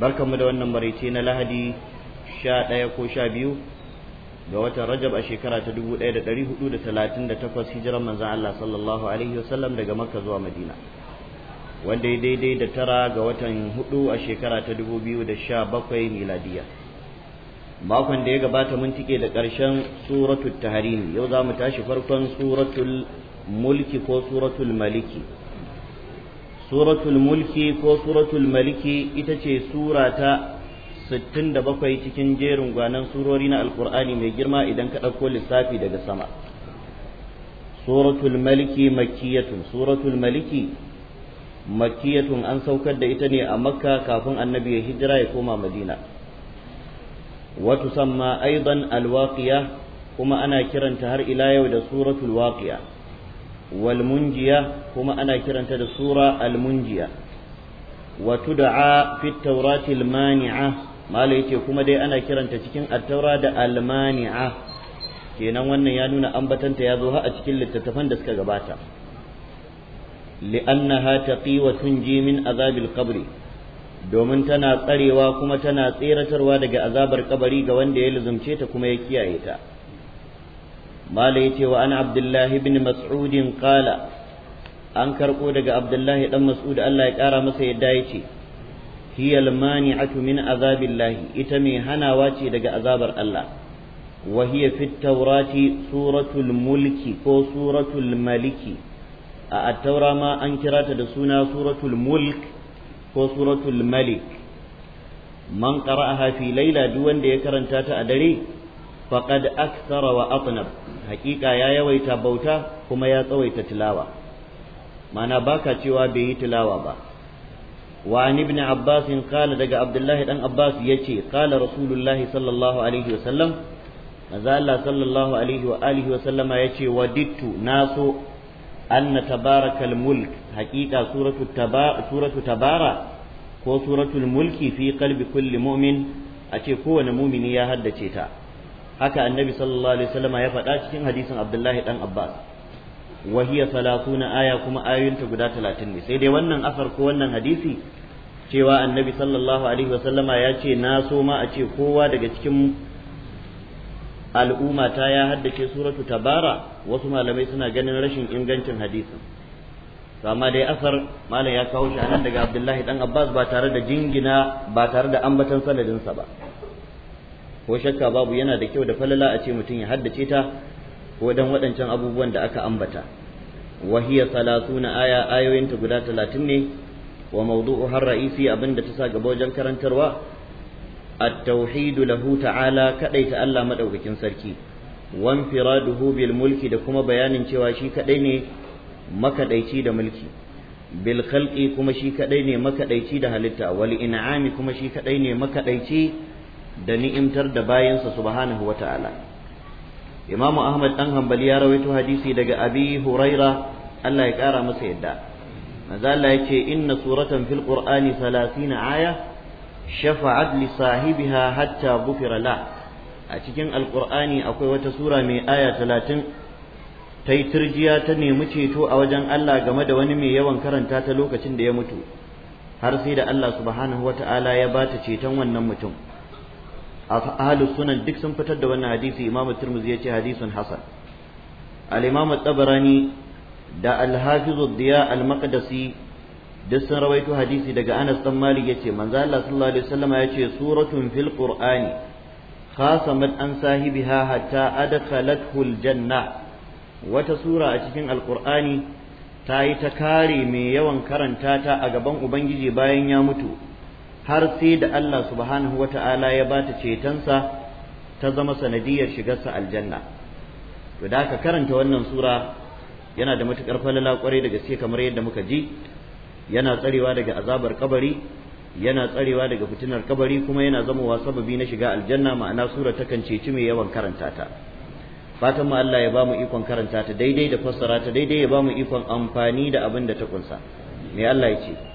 mu da wannan maraice na lahadi sha ɗaya ko sha biyu ga watan rajab a shekara ta dubu ɗaya da ɗari hudu da talatin da takwas hijiran manzan Allah sallallahu alaihi wasallam daga makka zuwa madina wanda ya daidai da tara ga watan hudu a shekara ta dubu biyu da sha bakwai miladiya makon da ya gabata mun tike da ƙarshen suratul taharim yau za mu tashi farkon suratul mulki ko suratul maliki suratul mulki ko suratul maliki ita ce sura ta 67 cikin jerin gwanan surori na alkur'ani mai girma idan ka ɗauko lissafi daga sama suratul maliki makiyatun suratul maliki makiyatun an saukar da ita ne a makka kafin annabi ya hijira ya koma madina watu samma aidan alwaqiya kuma ana kiranta har ila yau da suratul waqiya wal munjiya kuma ana kiranta da sura al munjiya wa tud'a fi at al mani'a malai yace kuma dai ana kiranta cikin at-taura da al mani'a kenan wannan ya nuna ambatanta ya zo har a cikin littattafan da suka gabata li'annaha taqi wa tunji min azabil qabri domin tana tsarewa kuma tana tseratarwa daga azabar kabari ga wanda ya luzumce ta kuma ya kiyaye ta mala yace wa an abdullah ibn Mas'udin qala an karko daga Abdullahi dan mas'ud Allah ya kara masa yadda yace hiya almani'atu min azabillahi ita mai hanawa ce daga azabar Allah wa hiya fit tawrati suratul mulki ko suratulmaliki maliki a attaura ma an kira ta da suna suratul mulk ko suratul malik man a hafi laila duk wanda ya karanta ta a dare faqad akthara wa atnab hakika ya yawaita bauta kuma ya tsawaita tilawa mana baka cewa bai yi tilawa ba wa an ibn abbas qala daga abdullahi dan abbas yace qala rasulullahi sallallahu alaihi wasallam manzo Allah sallallahu alaihi wa alihi wa sallama yace wadittu naso anna tabarakal mulk hakika suratu taba suratu tabara ko suratul mulki fi qalbi kulli mu'min a ce kowane mumini ya haddace ta haka annabi sallallahu alaihi wasallam ya faɗa cikin hadisin abdullahi dan abbas wa hiya salatuna aya kuma ayoyinta guda 30 ne sai dai wannan asar ko wannan hadisi cewa annabi sallallahu alaihi wasallama ya ce na so ma a ce kowa daga cikin al'umma ta ya haddace suratu tabara wasu malamai suna ganin rashin ingancin hadisin to amma dai asar malam ya kawo shi anan daga abdullahi dan abbas ba tare da jingina ba tare da ambatan sanadinsa ba ko shakka babu yana da kyau da falala a ce mutum ya haddace ta ko dan waɗancan abubuwan da aka ambata wahiya hiya salasuna aya ayoyinta guda talatin ne wa mawdu'u har ra'isi abinda ta sa gaba wajen karantarwa at-tauhid lahu ta'ala ta Allah madaukakin sarki wa infiraduhu bil mulki da kuma bayanin cewa shi kadai ne makadaici da mulki bil khalqi kuma shi kadai ne makadaici da halitta wal in'ami kuma shi kadai ne makadaici da ni'imtar da bayansa subhanahu wata'ala imamu ahmad dan hanbali ya rawaito hadisi daga abi huraira Allah ya kara masa yadda manzo Allah yake inna suratan fil qur'ani 30 aya shafa'at li sahibiha hatta ghufira la a cikin alqur'ani akwai wata sura mai aya 30 ta yi turjiya ta nemi ceto a wajen Allah game da wani mai yawan karanta ta lokacin da ya mutu har sai da Allah subhanahu wata'ala ya bata ceton wannan mutum a ahlus sunan duk sun fitar da wannan hadisi imamu tirmidhi yace hadisun hasan al-imamu da alhafizu hafiz diya al duk sun rawaito hadisi daga Anas dan Malik yace manzo Allah sallallahu alaihi wasallam yace suratun filkur'ani qur'ani khasamat an sahibiha hatta adkhalathu al-janna wata sura a cikin alkur'ani ta yi ta kare mai yawan karanta ta a gaban ubangiji bayan ya mutu har sai da Allah subhanahu ta'ala ya bata cetonsa ta zama sanadiyar shigarsa aljanna to da aka karanta wannan sura yana da matukar falala kwarai da gaske kamar yadda muka ji yana tsarewa daga azabar kabari yana tsarewa daga fitinar kabari kuma yana zamowa sababi na shiga aljanna ma'ana sura takan ceci mai yawan karanta ta fatan mu Allah ya ba mu ikon karanta ta daidai da fassara ta daidai ya ba mu ikon amfani da abin da ta kunsa me Allah ya ce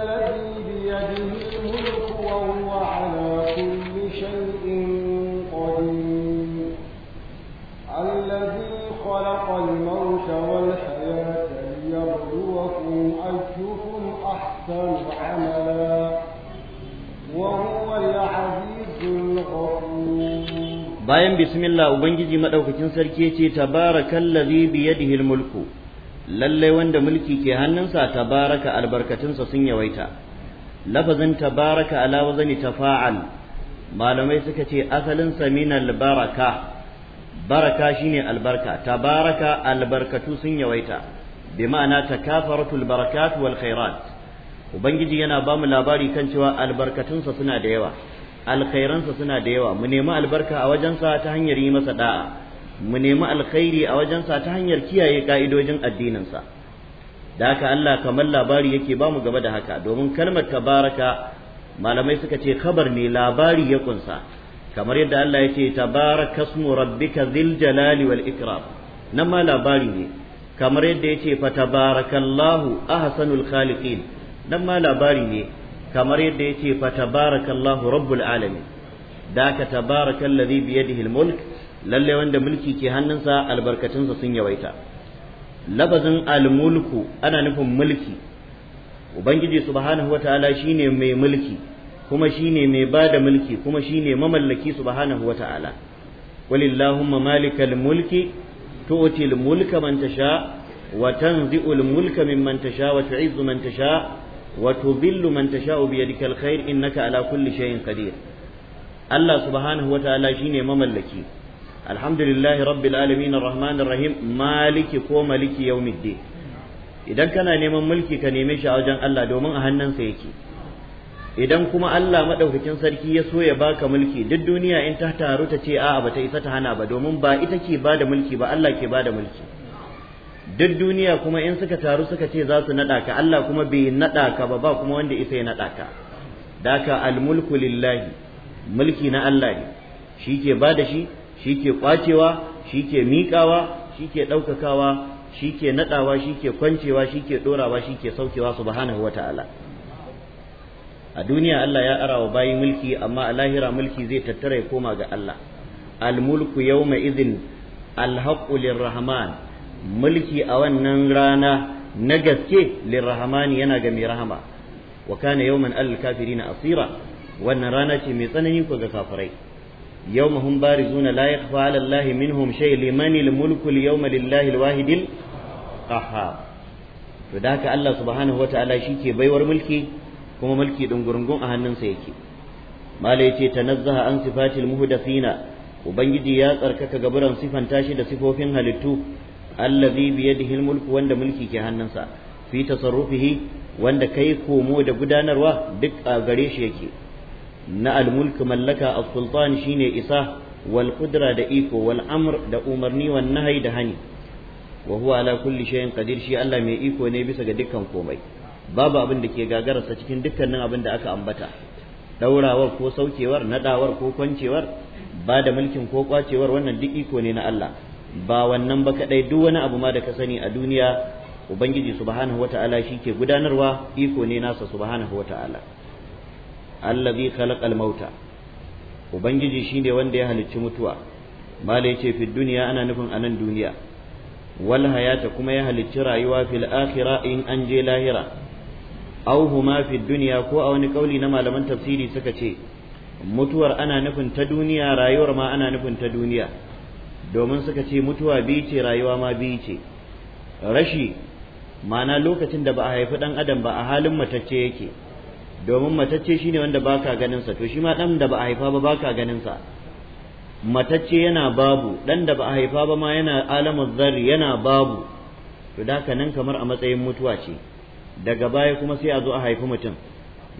bayan bismillah ubangiji madaukakin sarki ce tabarakallazi biyadihi almulku lalle wanda mulki ke hannunsa tabaraka albarkatunsa sun yawaita lafazin tabaraka ala wazani tafa'al malamai suka ce asalin sa min Baraka baraka shine albarka tabaraka albarkatu sun yawaita bi ma'ana takafaratul barakat wal khairat ubangiji yana ba mu labari kan cewa albarkatunsa suna da yawa alkhairansa suna da yawa mu nemi albarka a wajensa ta hanyar yi masa da'a mu nemi alkhairi a wajensa ta hanyar kiyaye ka'idojin addininsa da haka Allah kamar labari yake mu gaba da haka domin kalmar tabaraka malamai suka ce kabar ne labari ya kunsa kamar yadda Allah ya ce tabarakasmu rabbika dhil jalali wal ikram nan ma labari ne kamar yadda ya ce fa tabarakallahu ahsanul khaliqin nan ma labari ne kamar yadda yace fa tabarakallahu rabbul alamin daka tabarakal ladhi bi yadihi mulk lalle wanda mulki ke hannunsa albarkatunsa sun yawaita labazin almulku ana nufin mulki ubangiji subhanahu wataala shine mai mulki kuma shine mai bada mulki kuma shine mamallaki subhanahu wataala walillahumma malikal mulki tu'til mulka man tasha wa tanzi'ul mulka mimman tasha wa tu'izzu man tasha wa tudhillu man tasha'u bi in alkhair innaka ala kulle shay'in qadir Allah subhanahu wataala shine mamallaki alhamdulillahi rabbil alamin rahman rahim maliki ko maliki yau yawmiddin idan kana neman mulki ka neme shi a wajen Allah domin a hannunsa yake idan kuma Allah madaukakin sarki ya so ya baka mulki duk duniya in ta taru ta ce a'a bata isa ta hana ba domin ba ita ke bada mulki ba Allah ke bada mulki duk duniya kuma in suka taru suka ce za su naɗa ka Allah kuma bai naɗa ka ba ba kuma wanda isa ya naɗa ka daka almulku lillahi mulki na Allah ne shi ke ba da shi shi ke kwacewa shi ke miƙawa shi ke ɗaukakawa shi ke naɗawa shi ke kwancewa shi ke ɗorawa shi ke saukewa subhanahu wata'ala a duniya Allah ya wa bayi mulki amma a lahira mulki zai tattara ya koma ga Allah almulku yawma idhin alhaqqu lirrahman mulki a wannan rana na gaske lirrahmani yana ga mai rahama wa kana yawman alal na asira wannan rana ce mai tsanani ko ga kafirai yawma hum barizuna la yakhfa ala allah minhum shay liman mulku al yawma lillahi al wahid al qahhar to da haka Allah subhanahu wataala shike baiwar mulki kuma mulki dungurungun a hannunsa yake mala yace tanazzaha an sifatil muhdathina ubangiji ya tsarkaka gaburan sifanta shi da sifofin halittu allazi biyadihi almulk wanda mulki ke hannunsa fi tasarrufihi wanda kai komo da gudanarwa duk a gare shi yake na almulk mallaka as-sultan shine isa wal qudra da iko wal amr da umarni wan nahyi da hani wa huwa ala kulli shay'in qadir shi Allah mai iko ne bisa ga dukkan komai babu abin da ke gagararsa cikin dukkanin abin da aka ambata daurawar ko saukewar nadawar ko kwancewar ba da mulkin ko kwacewar wannan duk iko ne na Allah ba wannan ba kadai duk wani abu ma da ka sani a duniya ubangiji subhanahu wata'ala ke gudanarwa iko ne nasa subhanahu wata'ala allazi khalaqal mauta ubangiji shine wanda ya halicci mutuwa mala yace fi duniya ana nufin anan duniya wal hayata kuma ya halicci rayuwa fil akhirah in an je lahira aw huma fi duniya ko a wani kauli na malaman tafsiri suka ce mutuwar ana nufin ta duniya rayuwar ma ana nufin ta duniya domin suka ce mutuwa biyu ce rayuwa ma biyu ce rashi ma'ana lokacin da ba a haifi ɗan adam ba a halin matacce yake domin matacce shine wanda baka ganin sa to shi ma ɗan da ba a haifa ba baka ganin sa matacce yana babu ɗan da ba a haifa ba ma yana alamu zari yana babu to da nan kamar a matsayin mutuwa ce daga baya kuma sai a zo a haifi mutum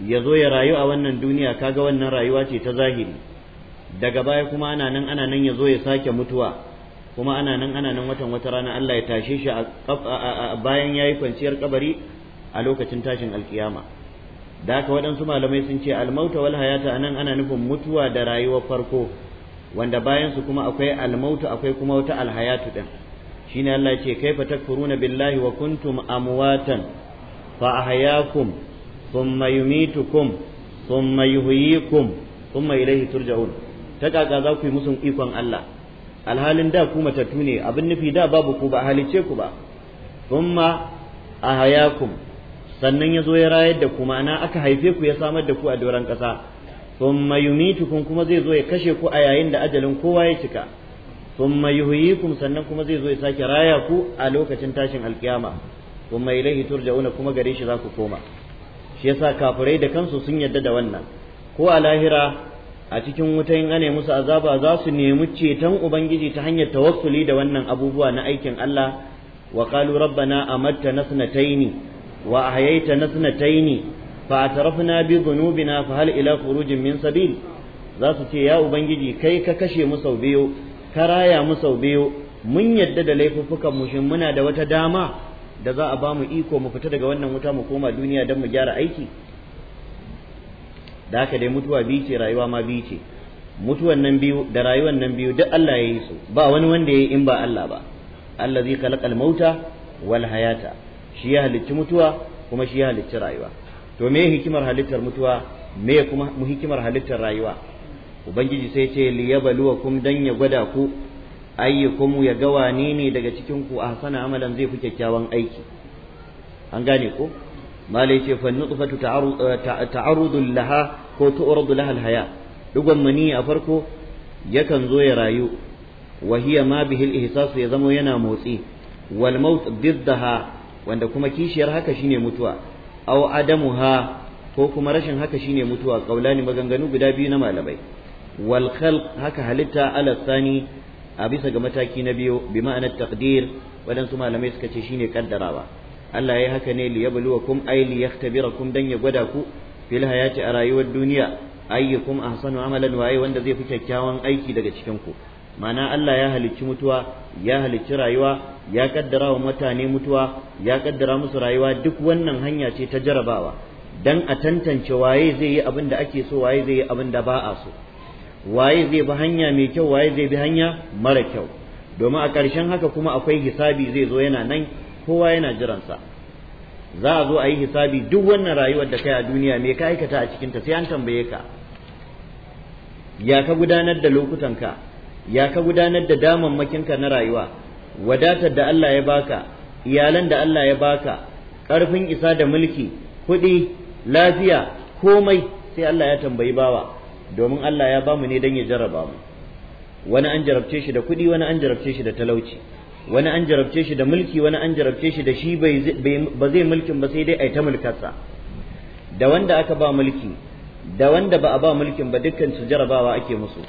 ya zo ya rayu a wannan duniya kaga wannan rayuwa ce ta zahiri daga baya kuma ana nan ana nan ya ya sake mutuwa kuma ana nan ana nan watan wata rana Allah ya tashe shi bayan ya yi kwanciyar kabari a lokacin tashin alkiyama da haka waɗansu malamai sun ce almauta wal hayata anan ana nufin mutuwa da rayuwa farko wanda bayan su kuma akwai almauta akwai kuma wata alhayatu din shine Allah ya ce fa takfuruna billahi wa kuntum amwatan fa ahyakum thumma yumitukum thumma yuhyikum thumma ilayhi turja'un ta kaka za ku yi musu ikon Allah alhalin da ku matattu ne abin nufi da babu ku ba halice ku ba a ahayakum sannan ya zo ya rayar da ku ma'ana aka haife ku ya samar da ku a doron ƙasa thumma yumitukum kuma zai zo ya kashe ku a yayin da ajalin kowa ya cika kuma yuhyikum sannan kuma zai zo ya sake raya ku a lokacin tashin alkiyama kuma ilaihi turja'una kuma gare shi za ku koma shi yasa kafirai da kansu sun yadda da wannan ko a lahira a cikin wuta in ane musu azaba za su nemi ceton ubangiji ta hanyar tawassuli da wannan abubuwa na aikin Allah wa qalu rabbana amatta nasnataini wa ahyaita nasnataini fa atrafna bi dhunubina fa hal ila khurujin min sabil za su ce ya ubangiji kai ka kashe mu sau biyu ka raya mu sau biyu mun yadda da laifuffukan mu shin muna da wata dama da za a ba mu iko mu fita daga wannan wuta mu koma duniya don mu gyara aiki da haka dai mutuwa biyu ce rayuwa ma biyu ce mutuwan nan biyu da rayuwan nan biyu duk Allah ya yi su ba wani wanda ya yi in ba Allah ba Allah zai kalakal mauta wal hayata shi ya halicci mutuwa kuma shi ya halicci rayuwa to me hikimar halittar mutuwa me kuma mu hikimar halittar rayuwa ubangiji sai ce yabluwakum dan ya gwada ku ayyukum ya ga wane ne daga cikin ku ahsana amalan zai fi kyakkyawan aiki an gane ko malai ce fa nutfatu ta'arudun laha ko tu'radu lahal haya dugon mani a farko yakan zo ya rayu wa hiya ma ihsas ya zama yana motsi wal maut wanda kuma kishiyar haka shine mutuwa aw adamuha ko kuma rashin haka shine mutuwa kaulani maganganu guda biyu na malamai wal khalq haka halitta ala sani a bisa ga mataki na biyu bi ma'anar taqdir waɗansu malamai suka ce shine kaddarawa Allah ya haka ne liyabluwakum ay liyaktabirakum dan ya gwada ku ya ce a rayuwar duniya ayyukum ahsanu amalan waye wanda zai fi kyakkyawan aiki daga cikin ku ma'ana Allah ya halicci mutuwa ya halicci rayuwa ya kaddara wa mutane mutuwa ya kaddara musu rayuwa duk wannan hanya ce ta jarabawa dan a tantance waye zai yi abin da ake so waye zai yi abin da ba a so waye zai bi hanya mai kyau waye zai bi hanya mara kyau domin a ƙarshen haka kuma akwai hisabi zai zo yana nan kowa yana jiransa za a zo a yi hisabi duk wannan rayuwar da kai a duniya me ka aikata a cikinta sai an tambaye ka ya ka gudanar da lokutanka ya ka gudanar da damammakinka na rayuwa wadatar da Allah ya baka iyalan da Allah ya baka ƙarfin isa da mulki kuɗi lafiya komai sai Allah ya tambayi bawa domin Allah ya bamu ne don ya jarraba mu wani an jarabce shi da kuɗi wani an jarabce shi da talauci wani an jarabce shi da mulki wani an jarabce shi da shi ba zai mulkin ba sai dai a yi ta mulkarsa da wanda aka ba mulki da wanda ba a ba mulkin ba dukkan su jarabawa ake musu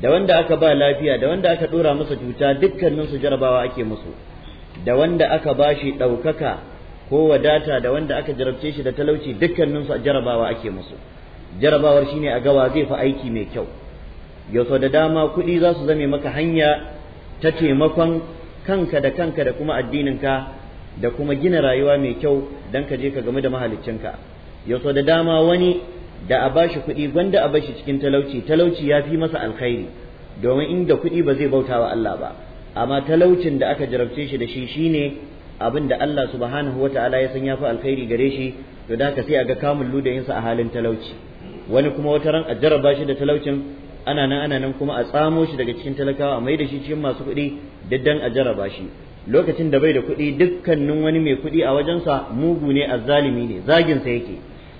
da wanda aka ba lafiya da wanda aka dora masa cuta dukkanin su jarabawa ake musu da wanda aka ba shi ɗaukaka ko wadata da wanda aka jarabce shi da talauci dukkanin su jarabawa ake musu jarabawar shine a gawa zai fi aiki mai kyau yau da dama kuɗi za su zame maka hanya ta taimakon kanka da kanka da kuma addininka da kuma gina rayuwa mai kyau don ka je ka game da mahaliccinka yaso da dama wani da a bashi kuɗi gwanda a bashi cikin talauci talauci ya fi masa alkhairi domin inda kuɗi ba zai bauta wa Allah ba amma talaucin da aka jarabce shi da shi shine abin da Allah subhanahu ta'ala ya san ya fi alkhairi gare shi to da ka sai a ga kamun ludayinsa a halin talauci wani kuma wata ran a jaraba shi da talaucin ana nan ana nan kuma a tsamo shi daga cikin talakawa a mai da shi cikin masu kuɗi diddan a jaraba shi lokacin da bai da kuɗi dukkanin wani mai kuɗi a wajensa mugu ne a zalimi ne zaginsa yake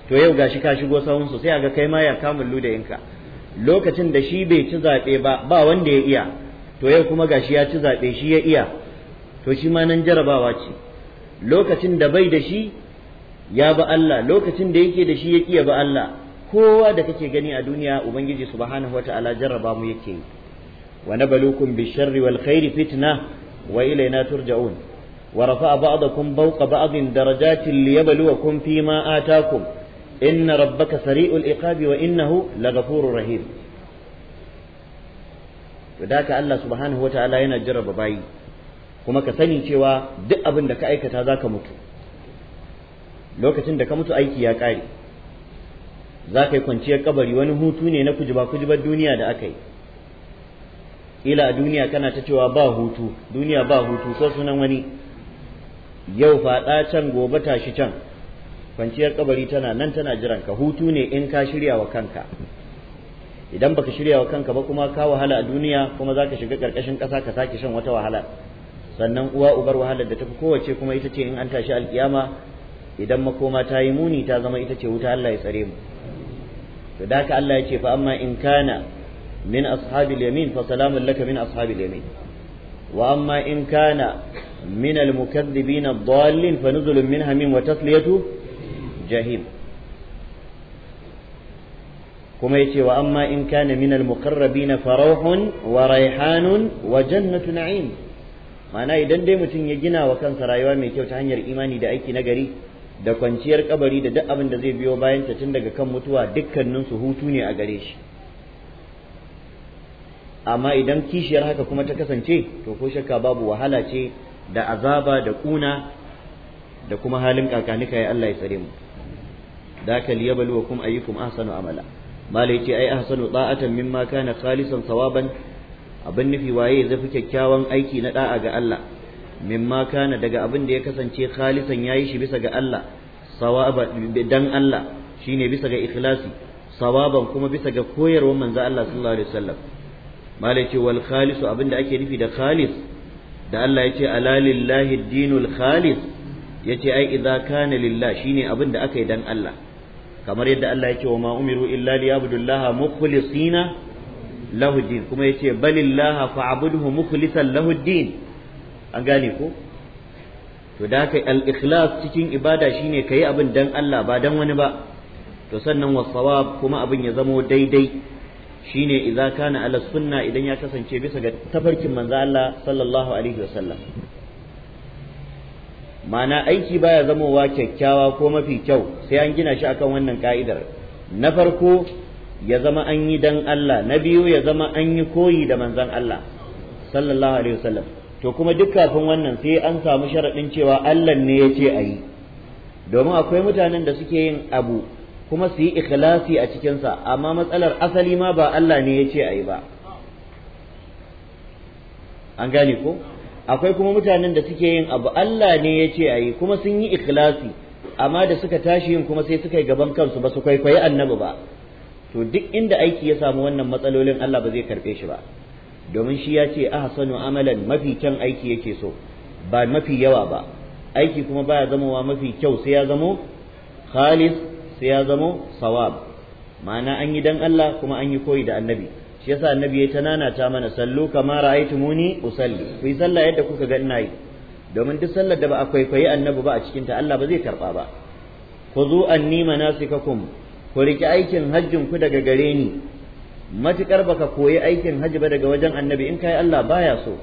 to yau gashi ka shigo sahun su sai a ga kai ma ya kamun yinka lokacin da shi bai ci zaɓe ba ba wanda ya iya to yau kuma gashi ya ci zaɓe shi ya iya to shi ma nan jarabawa ce lokacin da bai da shi ya ba Allah lokacin da yake da shi ya kiya ba Allah kowa da kake gani a duniya ubangiji subhanahu wataala jarraba mu yake wa nabluukum bisharri wal khairi fitna wa ilayna turja'un wa rafa'a ba'dakum fawqa ba'din darajatin liyabluwakum fima ataakum inna rabbaka sari'ul iqabi wa innahu laghafurur rahim to Allah subhanahu wataala yana jarraba bayi kuma ka sani cewa duk abin da ka aikata zaka mutu lokacin da ka mutu aiki ya kare za ka yi kwanciyar kabari wani hutu ne na kujiba kujibar duniya da aka yi ila a duniya kana ta cewa ba hutu duniya ba hutu ko sunan wani yau faɗa can gobe tashi can kwanciyar kabari tana nan tana jiran ka hutu ne in ka shirya wa kanka idan baka shirya wa kanka ba kuma ka wahala a duniya kuma za ka shiga ƙarƙashin ƙasa ka sake shan wata wahala sannan uwa ubar wahalar da tafi kowace kuma ita ce in an tashi alƙiyama idan makoma ta yi muni ta zama ita ce wuta Allah ya tsare mu to da Allah ya ce fa amma in kana min ashabil yamin fa salamun laka min ashabil yamin wa amma in kana min al mukaththibin ad-dallin fa nuzulun min hamim wa tasliyatu jahim kuma yace wa amma in kana min al muqarrabin fa rawhun wa rayhanun wa jannatu na'im ma'ana idan dai mutum ya gina wa kansa rayuwa mai kyau ta hanyar imani da aiki nagari da kwanciyar kabari da duk abin da zai biyo bayan ta tun daga kan mutuwa dukkanin su hutu ne a gare shi amma idan kishiyar haka kuma ta kasance to ko shakka babu wahala ce da azaba da kuna da kuma halin kakanika ya Allah ya tsare mu daka liyabluwakum ayyukum ahsanu amala malai ce ai ahsanu da'atan mimma kana khalisan sawaban abin nufi waye zafi kyakkyawan aiki na da'a ga Allah mimma kana daga abin da ya kasance khalisan yayi shi bisa ga Allah sawaba dan Allah shine bisa ga ikhlasi sawaban kuma bisa ga koyarwar manzo Allah sallallahu alaihi wasallam malai wal khalisu abin da ake nufi da khalis da Allah ya ce ala lillahi dinul khalis ya ce ai idza kana lillah shine abin da aka yi dan Allah kamar yadda Allah ya ce wa ma umiru illa liya'budullaha mukhlisina lahu din kuma ya ce balillaha fa'budhu mukhlisan lahu din an gane ko to da haka al-ikhlas cikin ibada shine kai abin dan Allah ba dan wani ba to sannan was-sawab kuma abin ya zama daidai shine idza kana ala sunna idan ya kasance bisa ga tafarkin manzo Allah sallallahu alaihi wasallam mana aiki baya wa kyakkyawa ko mafi kyau sai an gina shi akan wannan ka'idar na farko ya zama an yi dan Allah na biyu ya zama an yi koyi da manzon Allah sallallahu alaihi wasallam to kuma duk kafin wannan sai an samu sharaɗin cewa Allah ne ya ce a yi domin akwai mutanen da suke yin abu kuma su yi ikhlasi a cikinsa amma matsalar asali ma ba Allah ne ya ce a ba an gane ko akwai kuma mutanen da suke yin abu Allah ne ya ce a yi kuma sun yi ikhlasi amma da suka tashi yin kuma sai suka yi gaban kansu ba su kwaikwayi annabi ba to duk inda aiki ya samu wannan matsalolin Allah ba zai karɓe shi ba domin shi ya ce ahsanu amalan mafi kyan aiki yake so ba mafi yawa ba aiki kuma baya zamowa mafi kyau sai ya zamo khalis sai ya zamo sawab ma'ana an yi dan Allah kuma an yi koyi da annabi shi yasa annabi ya tanana ta mana sallu kama ra'aytumuni usalli ku kuyi sallah yadda kuka ga ina yi domin duk sallar da ba akwai kwaikwayi annabi ba a cikin ta Allah ba zai karba ba ku zo anni manasikakum ku riki aikin hajjin ku daga gare ni matukar baka koyi aikin hajji ba daga wajen annabi in kai Allah baya so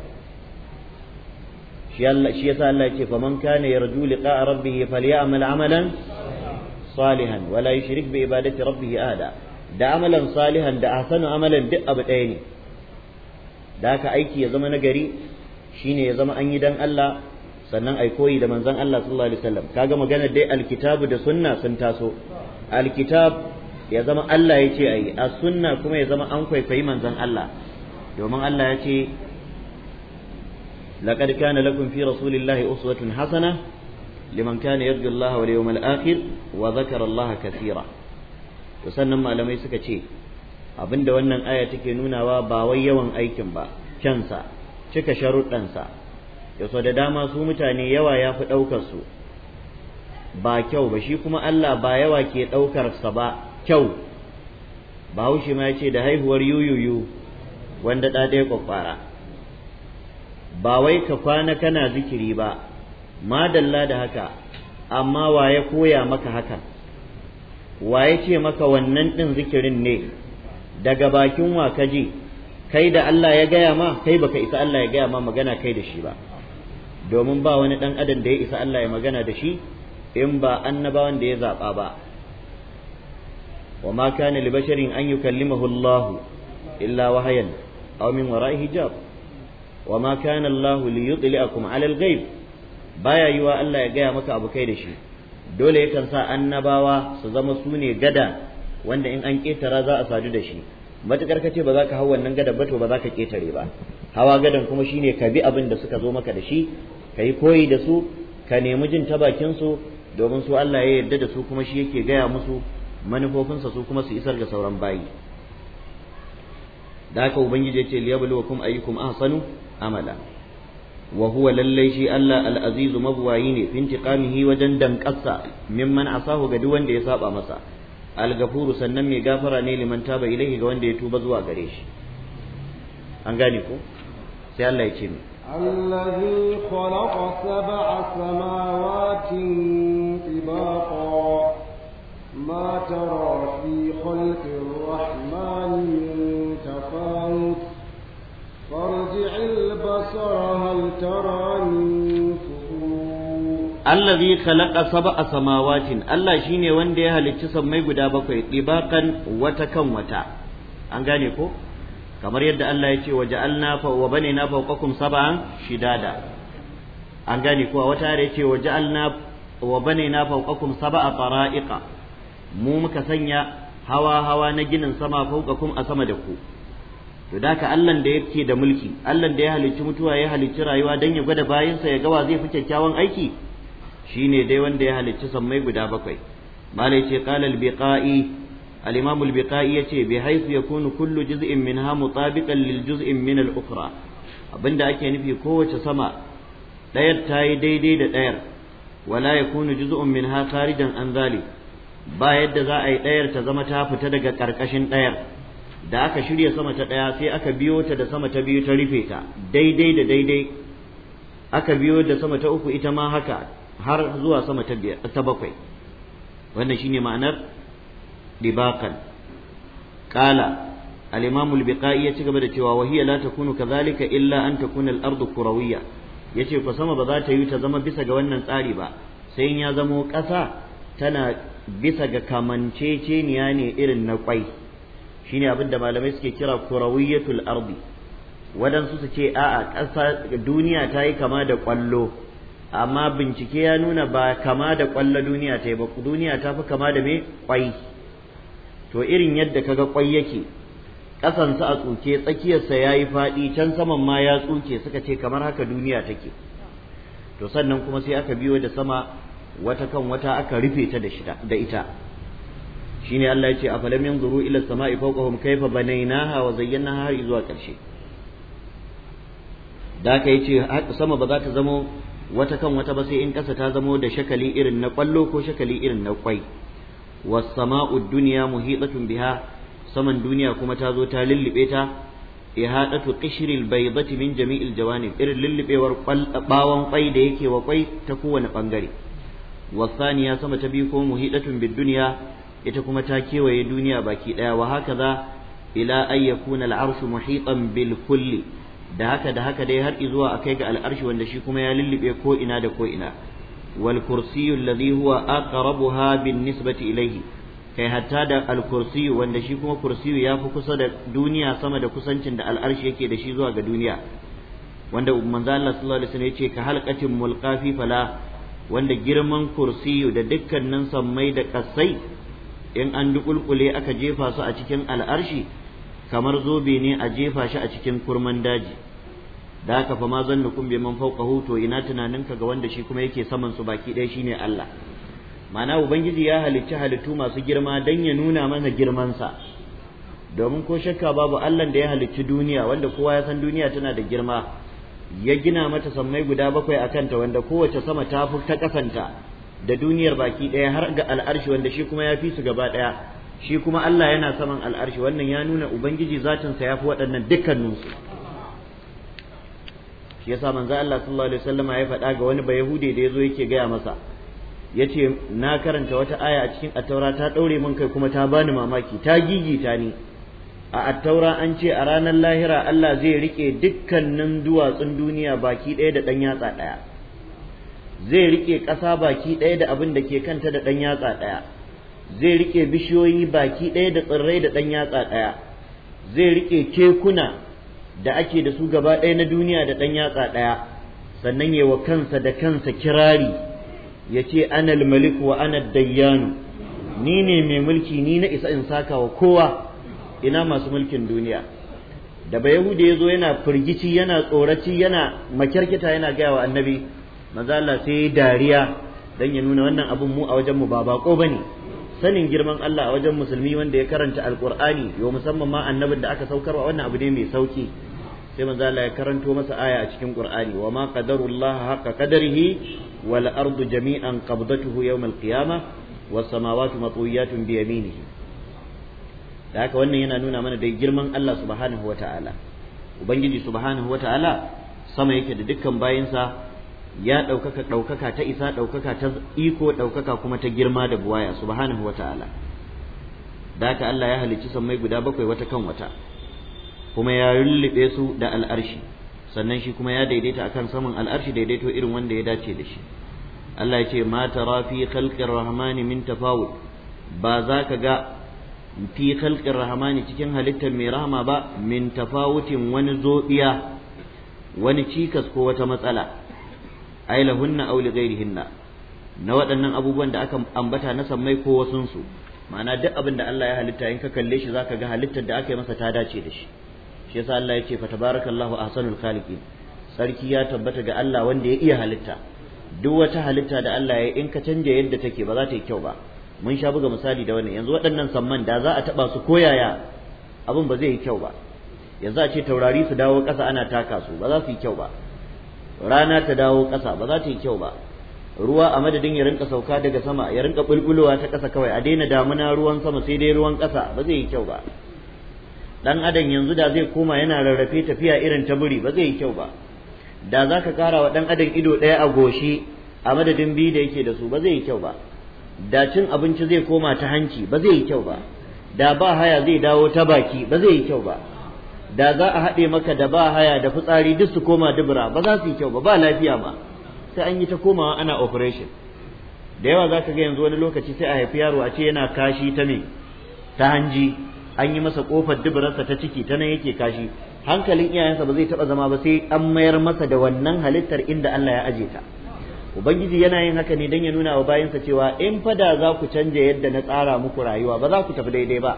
shi yasa Allah ya ce faman kana yarju liqa'a rabbih falyamal amalan salihan wala yushrik bi ibadati rabbih ahada da amalan salihan da ahsanu amalan duk abu ɗaya ne da haka aiki ya zama nagari shine ya zama an yi dan Allah sannan ai koyi da manzon Allah sallallahu alaihi wasallam kaga magana dai alkitabu da sunna sun taso alkitab ya zama Allah ya ce ayi a sunna kuma ya zama an kwaikwayi manzon Allah domin Allah ya ce laqad kana lakum fi rasulillahi uswatun hasana liman kana yarju Allah wal yawmal akhir wa dhakara Allah kathira to sannan malamai suka ce abinda wannan aya take nunawa ba wai yawan aikin ba kyansa cika sharuɗansa ya so da dama su mutane yawa ya fi ɗaukar su ba kyau ba shi kuma Allah ba yawa ke ɗaukarsa ba kyau bahaushe ma ya ce da haihuwar yuyuyu wanda ɗa ɗaya kwakwara ba wai ka kwana kana zikiri ba madalla da haka amma wa ya koya maka haka wa ya ce maka wannan ɗin zikirin ne daga bakin wa ka kai da Allah ya gaya ma kai baka isa Allah ya gaya ma magana kai da shi ba domin ba wani ɗan adam da ya isa Allah ya magana da shi in ba annabawan da ya zaɓa ba وما كان لبشر أن يكلمه الله إلا وحيا أو من وراء حجاب وما كان الله ليطلعكم على الغيب baya yi wa Allah ya gaya maka abu kai da shi dole yakan sa annabawa su zama su ne gada wanda in an ƙetara za a sadu da shi matukar ka ce ba za ka hau wannan gada ba to ba za ka ƙetare ba hawa gadan kuma shine ka bi abin da suka zo maka da shi ka yi koyi da su ka nemi jin ta bakin su domin su Allah ya yarda da su kuma shi yake gaya musu manufofinsa su kuma su isar ga sauran bayi da haka ubangiji ya ce liyabluwakum ayyukum ahsanu amala wa huwa lallai shi Allah al-azizu mabwayi ne intiqamihi wajen danƙasa mimman asahu ga duk wanda ya saba masa al gafuru sannan mai gafara ne liman taba ilahi ga wanda ya tuba zuwa gare shi an gane ko sai Allah ya ce mi الذي خلق سبع سماوات طباقا ما ترى في خلق الرحمن من تفاوت فارجع البصر هل ترى من Allazi khalaqa sab'a samawatin Allah shine wanda ya halicci samai guda bakwai dibakan wata kan wata an gane ko kamar yadda Allah ya ce waja'alna fa wa banina fawqakum sab'an shidada an gane ko a wata ce mu muka sanya hawa hawa na ginin sama fauqakum a sama da ku to da ka Allah da yake da mulki Allah da ya halicci mutuwa ya halicci rayuwa dan ya gwada bayansa ya gawa zai fi kyakkyawan aiki shine dai wanda ya halicci sammai guda bakwai malai ce qala al-biqai al-imam al-biqai yace bi haythu yakunu kullu juz'in minha mutabiqan lil juz'in min al-ukhra abinda ake nufi kowace sama dayar tayi daidai da dayar wala yakunu juz'un minha kharijan an zalik ba yadda za a yi ɗayar ta zama ta fita daga ƙarƙashin ɗayar da aka shirya sama ta ɗaya sai aka biyo ta da sama ta biyu ta rufe ta daidai da daidai aka biyo da sama ta uku ita ma haka har zuwa sama ta bakwai wannan shine ma'anar dibaqan qala al-imam al-biqai ya ci gaba da cewa wa hiya la takunu kadhalika illa an takuna al ard kurawiyya yace fa sama ba za ta yi ta zama bisa ga wannan tsari ba sai in ya zamo ƙasa tana bisa ga kamanceceniya ne irin na kwai shine abin da malamai suke kira kurawiyatul ardi Waɗansu su ce a'a ƙasa duniya ta yi kama da ƙwallo amma bincike ya nuna ba kama da ƙwallo duniya ta yi ba duniya ta fi kama da me ƙwai to irin yadda kaga ƙwai yake ƙasansa a tsuke tsakiyarsa ya yi faɗi can saman ma ya tsuke suka ce kamar haka duniya take to sannan kuma sai aka biyo da sama wata kan wata aka rufe ta da shida da ita shine Allah ya ce afalam yanzuru ila samai fawqahum kayfa banaynaha wa zayyanaha hari zuwa karshe da aka yace sama ba za ta zamo wata kan wata ba sai in kasa ta zamo da shakali irin na kwallo ko shakali irin na kwai was sama'u dunya muhitatun biha saman duniya kuma ta zo ta lullube ta ihadatu qishril baydati min jami'il jawanib irin lullubewar bawon kwai da yake wa kwai ta kowane bangare wasaniya sama ta biyu ko muhidatun bid dunya ita kuma ta kewaye duniya baki ɗaya wa za ila ay yakuna al-arshu da haka da haka dai har zuwa akai ga al'arshi wanda shi kuma ya lullube ko ina da ko ina wal kursiyyu alladhi huwa aqrabuha bin nisbati ilayhi kai hatta da al-kursiyyu wanda shi kuma kursiyyu ya fi kusa da duniya sama da kusancin da al'arshi yake da shi zuwa ga duniya wanda manzo Allah sallallahu alaihi wasallam ce ka halqatin mulqafi fala wanda girman kursiyu da dukkanin sammai da kasai in an dukulkule aka jefa su a cikin al'arshi kamar zobe ne a jefa shi a cikin kurman daji da haka fa ma nukun bi man fawqahu to ina tunaninka ga wanda shi kuma yake saman su baki ɗaya shine Allah ma'ana ubangiji ya halicci halittu masu girma dan ya nuna mana girmansa domin ko shakka babu Allah da ya halicci duniya wanda kowa ya san duniya tana da girma ya gina mata sammai guda bakwai a kanta wanda kowace sama ta fi ta kasanta da duniyar baki ɗaya har ga al'arshi wanda shi kuma ya fi su gaba ɗaya shi kuma Allah yana saman al'arshi wannan ya nuna ubangiji zatinsa ya fi waɗannan dukkaninsu shi yasa manzo Allah sallallahu alaihi wasallama ya faɗa ga wani bayahude da ya zo yake gaya masa yace na karanta wata aya a cikin attaura ta daure mun kai kuma ta bani mamaki ta gigita ni a attaura an ce a ranar lahira Allah zai rike dukkanin duwatsun duniya baki ɗaya da ɗan yatsa ɗaya zai rike ƙasa baki ɗaya da abin da ke kanta da ɗan yatsa ɗaya zai rike bishiyoyi baki ɗaya da tsirrai da ɗan yatsa ɗaya zai rike kekuna da ake da su gaba ɗaya na duniya da ɗan yatsa ɗaya sannan ya wa kansa da kansa kirari ya ce anal malik wa anad dayyanu ni ne mai mulki ni na isa in saka wa kowa ina masu mulkin duniya da ba yahuda ya zo yana firgici yana tsoraci yana makyarkita yana gaya wa annabi manzo Allah sai ya dariya dan ya nuna wannan abun mu a wajen mu ba ko bane sanin girman Allah a wajen musulmi wanda ya karanta alqur'ani yo musamman ma annabin da aka saukarwa wannan abu ne mai sauki sai manzo Allah ya karanto masa aya a cikin Qur'ani wa ma qadarullah haqa qadarihi wal ardu jami'an qabdatuhu yawm al qiyamah was samawati matwiyatun bi yaminihi da haka wannan yana nuna mana da girman Allah subhanahu ta'ala, ubangiji subhanahu ta'ala sama yake da dukkan bayinsa ya ɗaukaka ɗaukaka ta isa ɗaukaka ta iko ɗaukaka kuma ta girma da buwaya subhanahu ta'ala. da haka Allah ya halicci sammai guda bakwai wata kan wata kuma ya lullube su da al'arshi sannan shi kuma ya daidaita akan saman al'arshi daidaito irin wanda ya dace da shi Allah ya ce ma tara fi khalqir rahmani min tafawul ba za ka ga fi khalqir rahmani cikin halittar mai rahama ba min tafawutin wani zobiya wani cikas ko wata matsala ai lahunna aw hinna na waɗannan abubuwan da aka ambata na sammai ko wasunsu ma'ana duk abin da Allah ya halitta in ka kalle shi zaka ga halittar da aka yi masa ta dace da shi shi yasa Allah ya ce fa tabarakallahu ahsanul khaliqin sarki ya tabbata ga Allah wanda ya iya halitta duk wata halitta da Allah ya in ka canja yadda take ba za ta yi kyau ba mun sha buga misali da wannan yanzu waɗannan samman da za a taɓa su koyaya abin ba zai yi kyau ba yanzu a ce taurari su dawo ƙasa ana taka su ba za su yi kyau ba rana ta dawo ƙasa ba za ta yi kyau ba ruwa a madadin ya rinka sauka daga sama ya rinka bulbulowa ta ƙasa kawai a daina damuna ruwan sama sai dai ruwan ƙasa ba zai yi kyau ba dan adam yanzu da zai koma yana rarrafe tafiya irin ta buri ba zai yi kyau ba da za ka kara wa dan adam ido ɗaya a goshi a madadin biyu da yake da su ba zai yi kyau ba da cin abinci zai koma ta hanci ba zai yi kyau ba da ba haya zai dawo ta baki ba zai yi kyau ba da za a haɗe maka da ba haya da fitsari duk su koma dubura ba za su yi kyau ba ba lafiya ba sai an yi ta komawa ana operation da yawa za ka ga yanzu wani lokaci sai a haifi yaro a ce yana kashi ta me ta hanji an yi masa kofar duburarsa ta ciki ta nan yake kashi hankalin iyayensa ba zai taɓa zama ba sai an mayar masa da wannan halittar inda Allah ya aje ta. ubangiji yana yin haka ne don ya nuna wa bayansa cewa in fada za ku canja yadda na tsara muku rayuwa ba za ku tafi daidai ba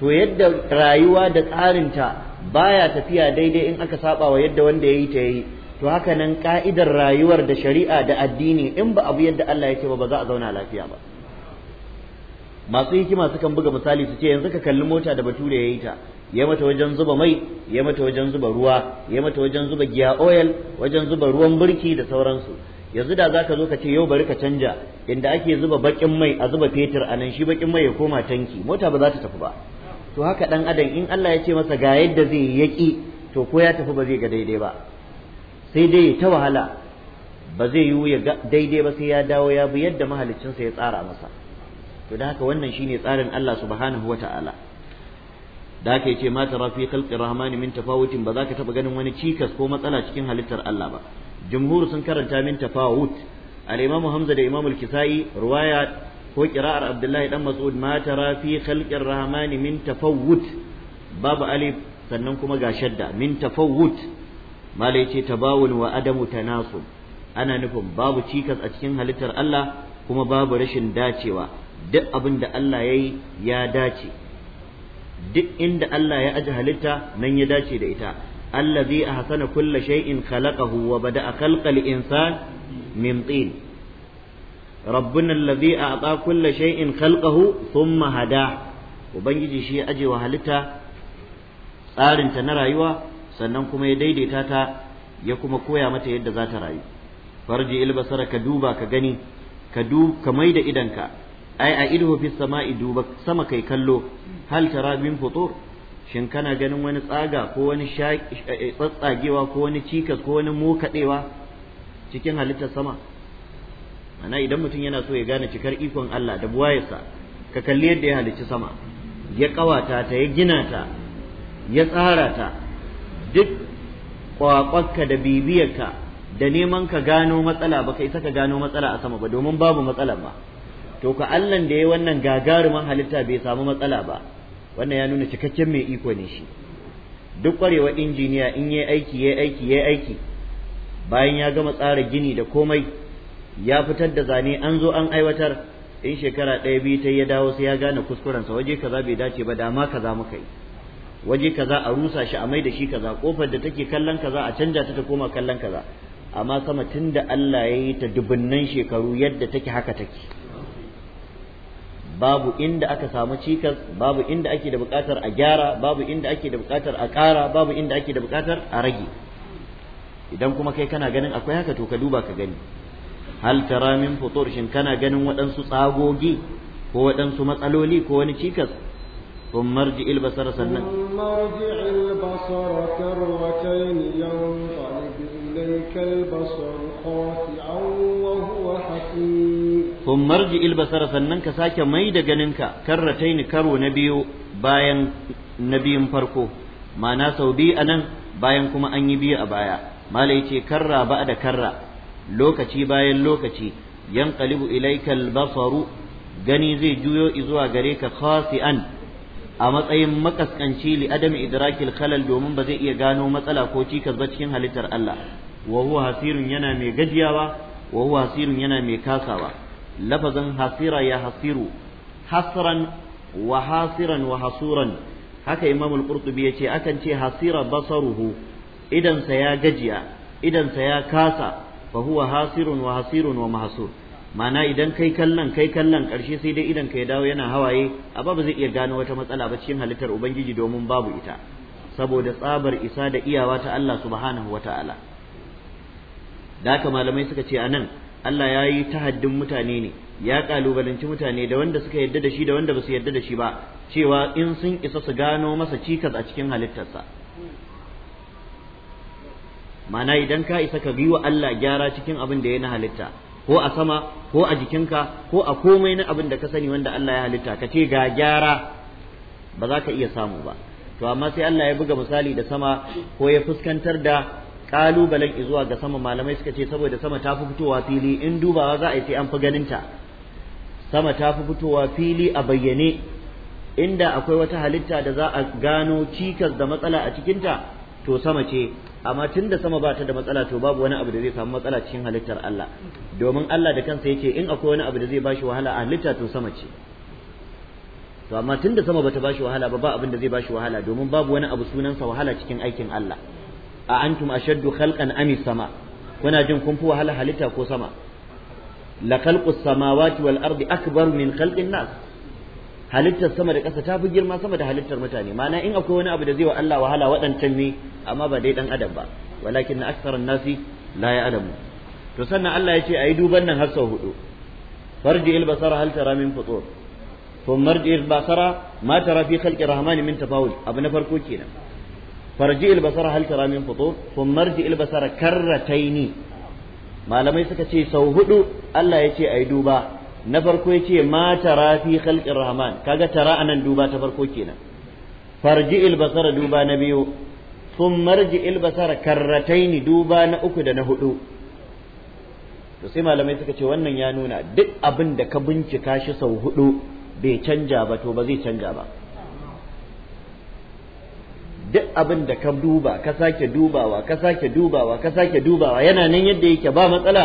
to yadda rayuwa da tsarinta baya tafiya daidai in aka saba wa yadda wanda ya yi ta yi to haka nan ka'idar rayuwar da shari'a da addini in ba abu yadda Allah ya ce ba ba za a zauna lafiya ba masu hikima sukan buga misali su ce yanzu ka kalli mota da bature ya yi ta ya mata wajen zuba mai ya mata wajen zuba ruwa ya mata wajen zuba giya oil wajen zuba ruwan birki da sauransu yanzu da zaka zo ka ce yau bari ka canja inda ake zuba bakin mai a zuba fetur a nan shi bakin mai ya koma tanki mota ba za ta tafi ba to haka dan adam in Allah ya ce masa ga yadda zai yi yaki to ko ya tafi ba zai ga daidai ba sai dai ta wahala ba zai yi ya daidai ba sai ya dawo ya bi yadda mahaliccinsa ya tsara masa to da haka wannan shine tsarin Allah subhanahu wata'ala da haka yace mata rafi khalqi rahmani min tafawutin ba za ka taba ganin wani cikas ko matsala cikin halittar Allah ba jumhuri sun karanta min tafawut al-imamu hamza da imamu al ruwaya ko qira'ar abdullahi dan mas'ud ma tara fi khalqir rahmani min tafawut babu alif sannan kuma ga shadda min tafawut mala ta tabawul wa adamu nasu ana nufin babu cikas a cikin halittar Allah kuma babu rashin dacewa duk abin da Allah yayi ya dace duk inda Allah ya aji halitta nan ya dace da ita allazi ahsana kulla shay'in khalaqahu wa bada'a khalqal insan min tin rabbuna allazi a'ta kulla shay'in khalqahu thumma hada ubangiji shi ya aje wa halitta tsarinta na rayuwa sannan kuma ya daidaita ta ya kuma koya mata yadda za ta rayu farji ilbasara ka duba ka gani ka du ka maida idanka ai a idhu fis sama'i duba sama kai kallo hal rabin min futur shin kana ganin wani tsaga ko wani eh, eh, tsatsagewa ko wani cikas ko wani mokaɗewa cikin halittar sama ana idan mutum yana so ya gane cikar ikon Allah da buwayarsa ka kalli yadda ya halicci sama ya ƙawata ta ya gina ta ya tsara ta duk kwakwakka da bibiyarka da neman ka gano matsala ba kai isa ka gano matsala a sama ba domin babu matsala ba to ka Allah da ya wannan gagarumin halitta bai samu matsala ba wannan ya nuna cikakken mai iko ne shi duk kwarewa injiniya in yayi aiki yayi aiki yayi aiki bayan ya gama tsara gini da komai ya fitar da zane an zo an aiwatar in shekara ɗaya biyu ta ya dawo sai ya gane kuskurensa waje kaza bai dace ba dama kaza muka yi waje kaza a rusa shi a mai da shi kaza kofar da take kallon kaza a canja ta ta koma kallon kaza amma sama tunda Allah ya yi ta dubunnan shekaru yadda take haka take babu inda aka samu cikas babu inda ake da buƙatar a gyara babu inda ake da buƙatar a ƙara babu inda ake da bukatar a rage idan kuma kai kana ganin akwai haka to ka duba ka gani hal tara min futur shin kana ganin waɗansu tsagogi ko waɗansu matsaloli ko wani cikas ثم مرجع البصر سنة ثم البصر إليك البصر sun marji ilbasara sannan ka sake mai da ganinka karrataini karo na biyu bayan na biyun farko ma'ana sau biyu a nan bayan kuma an yi biyu a baya malai ce karra ba da karra lokaci bayan lokaci yan kalibu ilaikal basaru gani zai juyo zuwa gare ka an, a matsayin makaskanci li adam idrakil khalal domin ba zai iya gano matsala ko cikas ba cikin halittar Allah wa huwa hasirun yana mai gajiyawa wa huwa hasirun yana mai kasawa lafazin hasira ya hasiru hasran wa hasiran wa hasuran haka imam al-qurtubi yace akan ce hasira basaruhu idan sa ya gajiya idan sa ya kasa fa huwa hasirun wa hasirun wa mahsur ma'ana idan kai kallon kai kallon karshe sai dai idan ka ya dawo yana hawaye abba ba zai iya gano wata matsala ba cikin halittar ubangiji domin babu ita saboda tsabar isa da iyawa ta Allah subhanahu wataala da haka malamai suka ce anan Allah ya yi tahaddin mutane ne ya kalubalanci mutane da wanda suka yarda da shi da wanda ba su yarda da shi ba cewa in sun isa su gano masa cikas a cikin halittarsa mana idan ka isa ka biyo wa Allah gyara cikin abin da ya na halitta ko a sama ko a jikinka ko a komai na abin da ka sani wanda Allah ya halitta ka ce ga gyara ba za ka iya samu ba to amma sai Allah ya buga misali da sama ko ya fuskantar da kalubalen zuwa ga sama malamai suka ce saboda sama ta fi fitowa fili in dubawa za a yi sai an fi ganinta sama ta fi fitowa fili a bayyane inda akwai wata halitta da za a gano cikas da matsala a cikinta to sama ce amma tun da sama ba ta da matsala to babu wani abu da zai samu matsala cikin halittar Allah domin Allah da kansa yake in akwai wani abu da zai bashi wahala a halitta to sama ce to amma tun da sama bata bashi wahala ba ba abin da zai bashi wahala domin babu wani abu sunansa wahala cikin aikin Allah a antum ashaddu khalqan am sama kuna jin kun fi wahala halitta ko sama la khalqu samawati wal ardi akbar min khalqin nas halittar sama da ƙasa ta fi girma sama da halittar mutane ma'ana in akwai wani abu da zai wa Allah wahala waɗancan ne amma ba dai dan adam ba walakin na aksaran nasi la adamu. to sannan Allah ya ce ayi duban nan har sau hudu farji il basara hal tara min futur ثم ارجع البصر ما fi في خلق الرحمن من تفاوت أبو نفر farji ilbasara hal tara min futur thumma arji ilbasara karrataini malamai suka ce sau hudu Allah ya ce ai duba na farko ya ce ma tara fi khalqir rahman kaga tara anan duba ta farko kenan farji ilbasara duba na biyu thumma arji ilbasara karrataini duba na uku da na hudu to sai malamai suka ce wannan ya nuna duk abin da ka bincika shi sau hudu bai canja ba to ba zai canja ba duk abin da ka duba ka sake dubawa ka sake dubawa ka sake dubawa yana nan yadda yake ba matsala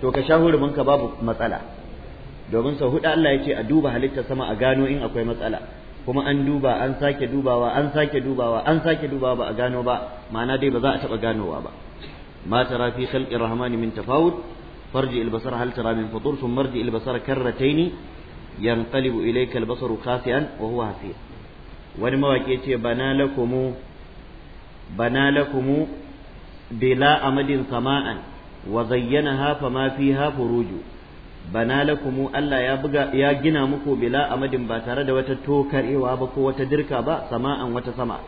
to ka sha hurumin ka babu matsala domin sau hudu Allah ya ce a duba halitta sama a gano in akwai matsala kuma an duba an sake dubawa an sake dubawa an sake dubawa ba a gano ba ma'ana dai ba za a taba ganowa ba ma tara fi khalqi rahmani farji albasar hal tara min futur thumma marji albasar karrataini yanqalibu ilayka albasar khasi'an wa huwa hasir wani mawaƙi ce bana lakumu bana lakumu bila amadin sama'an wa zayyana hafa ma fi hafu ruju bana lakumu Allah ya buga ya gina muku bila amadin ba tare da wata tokarewa ba ko wata dirka ba sama'an wata sama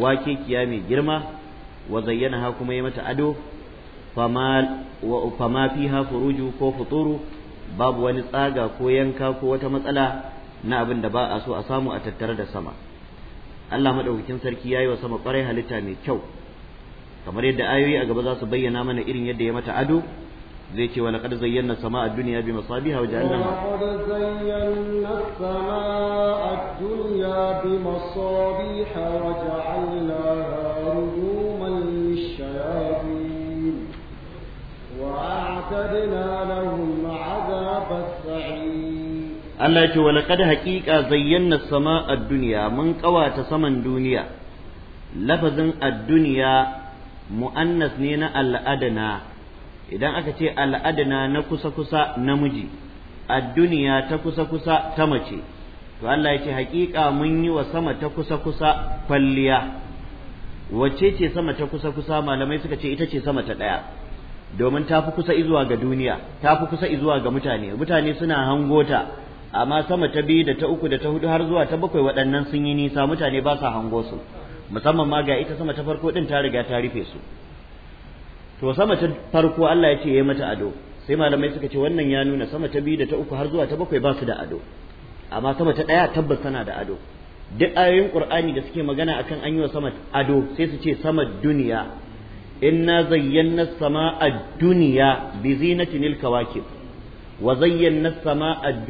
wake kiya mai girma wa zayyana ha kuma ya mata ado fama fi ha furuju ko futuru babu wani tsaga ko yanka ko wata matsala na abin da ba a so a samu a tattare da sama Allah madaukakin sarki yayi wa sama kwarai halitta mai kyau kamar yadda ayoyi a gaba za su bayyana mana irin yadda ya mata ado zai ce wa laqad zayyana samaa dunya bi masabiha wa ja'alnaha laqad zayyana samaa dunya bi masabiha wa ja'alnaha rujuman lish wa a'tadna lahum 'adaba as-sa'ir Allah ya ce wa laqad haqiqa zayyana sama ad-dunya mun kawata saman duniya lafazin ad-dunya mu'annas ne na al'adana idan aka ce al'adana na kusa kusa namiji ad-dunya ta kusa kusa ta mace to Allah ya ce haqiqa mun yi wa sama ta kusa kusa kwalliya wace ce sama ta kusa kusa malamai suka ce ita ce sama ta daya domin ta fi kusa izuwa ga duniya ta fi kusa izuwa ga mutane mutane suna hangota amma sama ta biyu da ta uku da ta hudu har zuwa ta bakwai waɗannan sun yi nisa mutane ba sa hango su musamman ma ga ita sama ta farko din ta riga ta rufe su to sama ta farko Allah ya ce yayi mata ado sai malamai suka ce wannan ya nuna sama ta biyu da ta uku har zuwa ta bakwai ba su da ado amma sama ta ɗaya tabbas tana da ado duk ayoyin qur'ani da suke magana akan an yi wa sama ado sai su ce sama duniya inna zayyana sama ad-dunya bi zinatil kawakib wa zayyana as-sama'a ad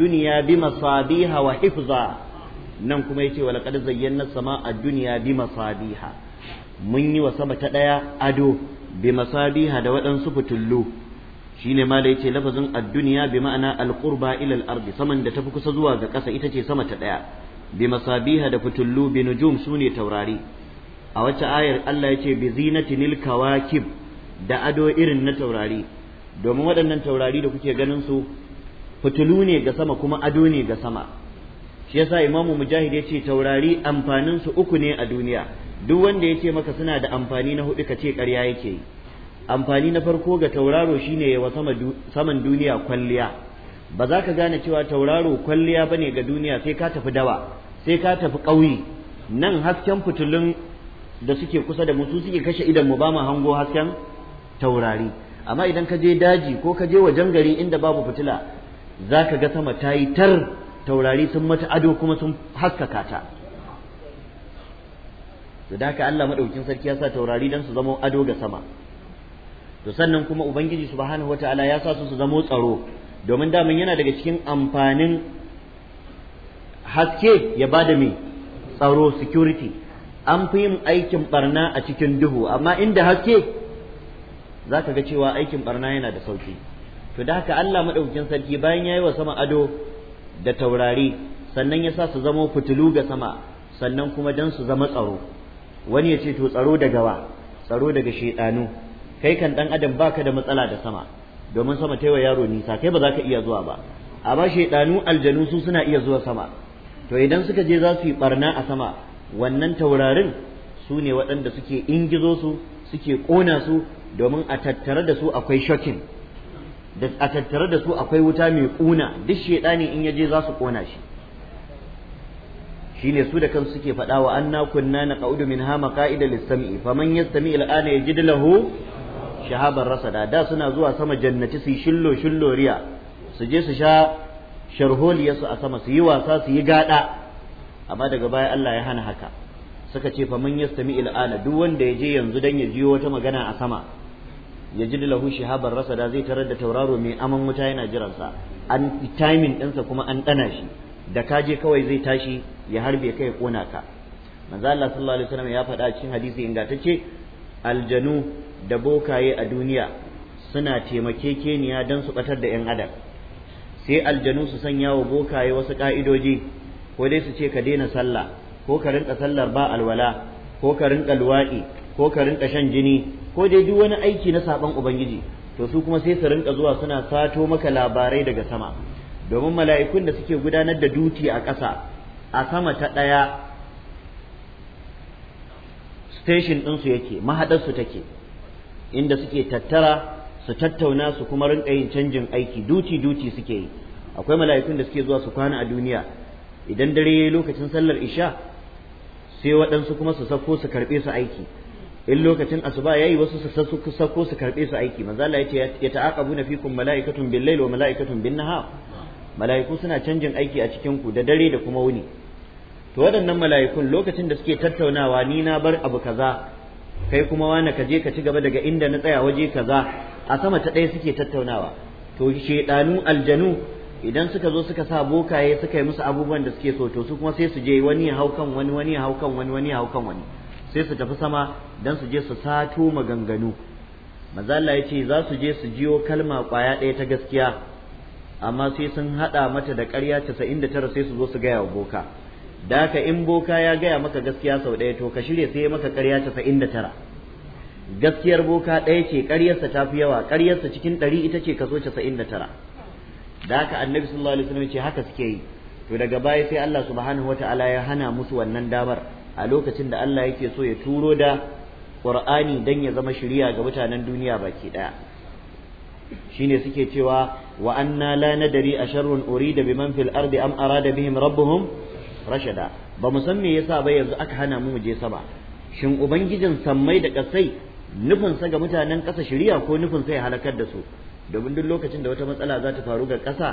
wa nan kuma yace wa laqad zayyana as-sama'a ad-dunya bimasabiha mun yi wa sama ta daya ado bimasabiha da waɗansu fitullu shine ma da yace lafazin ad-dunya bi ma'ana al-qurba ila al-ard saman da tafi kusa zuwa ga ƙasa ita ce sama ta daya bimasabiha da fitullu bi nujum sune taurari a wata ayar Allah yace bi zinatinil kawakib da ado irin na taurari domin waɗannan taurari da kuke ganin su fitilu ne ga sama kuma ado ne ga sama shi yasa imamu mujahid ya ce taurari amfanin su uku ne a duniya duk wanda ya ce maka suna da amfani na hudu ka ce ƙarya yake yi amfani na farko ga tauraro shine yawa saman duniya kwalliya ba za ka gane cewa tauraro kwalliya ba ne ga duniya sai ka tafi dawa sai ka tafi ƙauye nan hasken fitulun da suke kusa da mu su suke kashe idan mu ba mu hango hasken taurari amma idan ka je daji ko ka je wajen gari inda babu fitila za ka ga sama ta yi tar taurari sun mata ado kuma sun haskaka ta to da haka Allah madaukin sarki ya sa taurari dan su zama ado ga sama to sannan kuma ubangiji subhanahu wataala ya sa su su zama tsaro domin daman yana daga cikin amfanin haske ya bada mai tsaro security an fi yin aikin barna a cikin duhu amma inda haske za ka ga cewa aikin barna yana da sauki to da haka Allah maɗaukin sarki bayan ya yi wa sama ado da taurari sannan ya sa su zama fitilu ga sama sannan kuma dan su zama tsaro wani ya ce to tsaro daga wa tsaro daga shaiɗanu kai kan ɗan adam baka da matsala da sama domin sama ta wa yaro nisa kai ba za ka iya zuwa ba amma shaiɗanu aljanu su suna iya zuwa sama to idan suka je za su yi barna a sama wannan taurarin su ne waɗanda suke ingizo su suke ƙona su domin a tattare da su akwai shokin a tattare da su akwai wuta mai ƙuna duk shaidani in yaje za su ƙona shi shine su da kansu suke faɗa wa anna kunna min ha maqaida lis-sam'i faman yastami al-ana yajid lahu shahaban rasada da suna zuwa sama jannati su shillo shillo riya su je su sha sharhol yasu a sama su yi wasa su yi gada amma daga baya Allah ya hana haka suka ce faman yastami al-ana duk wanda ya je yanzu dan ya jiyo wata magana a sama ji lahu rasa da zai tarar da tauraro mai aman wuta yana jiran sa an timing ɗinsa kuma an ɗana shi da ka je kawai zai tashi ya harbe kai ya kona ka manzo Allah sallallahu alaihi wasallam ya faɗa cikin hadisi tace aljanu da bokaye a duniya suna taimakekeniya don su batar da 'yan adam sai aljanu su sanya wa bokaye wasu ka'idoji ko dai su ce ka daina sallah ko ka rinka sallar ba alwala ko ka rinka luwaɗi ko ka rinka shan jini ko dai duk wani aiki na saban ubangiji to su kuma sai su rinka zuwa suna sato maka labarai daga sama domin mala'ikun da suke gudanar da duti a ƙasa a sama ta ɗaya station ɗinsu yake mahaɗarsu take inda suke tattara su tattauna su kuma rinka yin canjin aiki duti duti suke yi akwai mala'ikun da suke zuwa su kwana a duniya idan dare lokacin sallar isha sai waɗansu kuma su sauko su karɓe su aiki in lokacin asuba yayi wasu su sako su karbe su aiki manzo Allah yace ya ta'aqabuna fikum malaikatun bil layl wa malaikatun bin nahar malaiku suna canjin aiki a cikin ku da dare da kuma wuni to waɗannan malaikun lokacin da suke tattaunawa ni na bar abu kaza kai kuma wani ka je ka ci gaba daga inda na tsaya waje kaza a sama ta ɗaya suke tattaunawa to shedanu aljanu idan suka zo suka sa bokaye suka yi musu abubuwan da suke so to su kuma sai su je wani ya hau wani wani ya hau wani wani ya hau wani sai su tafi sama dan su je su sato maganganu manzo Allah ya ce za su je su jiyo kalma kwaya ɗaya ta gaskiya amma sai sun haɗa mata da ƙarya 99 sai su zo su gaya wa boka da haka in boka ya gaya maka gaskiya sau ɗaya to ka shirya sai maka ƙarya 99 gaskiyar boka ɗaya ce ƙaryarsa ta fi yawa ƙaryarsa cikin ɗari ita ce kaso casa'in da haka annabi sallallahu alaihi wasallam ce haka suke yi to daga baya sai Allah subhanahu wataala ya hana musu wannan damar a lokacin da Allah yake so ya turo da Qur'ani dan ya zama shiriya ga mutanen duniya baki daya shine suke cewa wa anna la nadri asharrun urida biman fil ardi am arada bihim rabbuhum rashada ba mu san me yasa ba yanzu aka hana mu je sama shin ubangijin sammai da kasai nufinsa ga mutanen ƙasa shiriya ko nufinsa ya halakar da su domin duk lokacin da wata matsala za ta faru ga ƙasa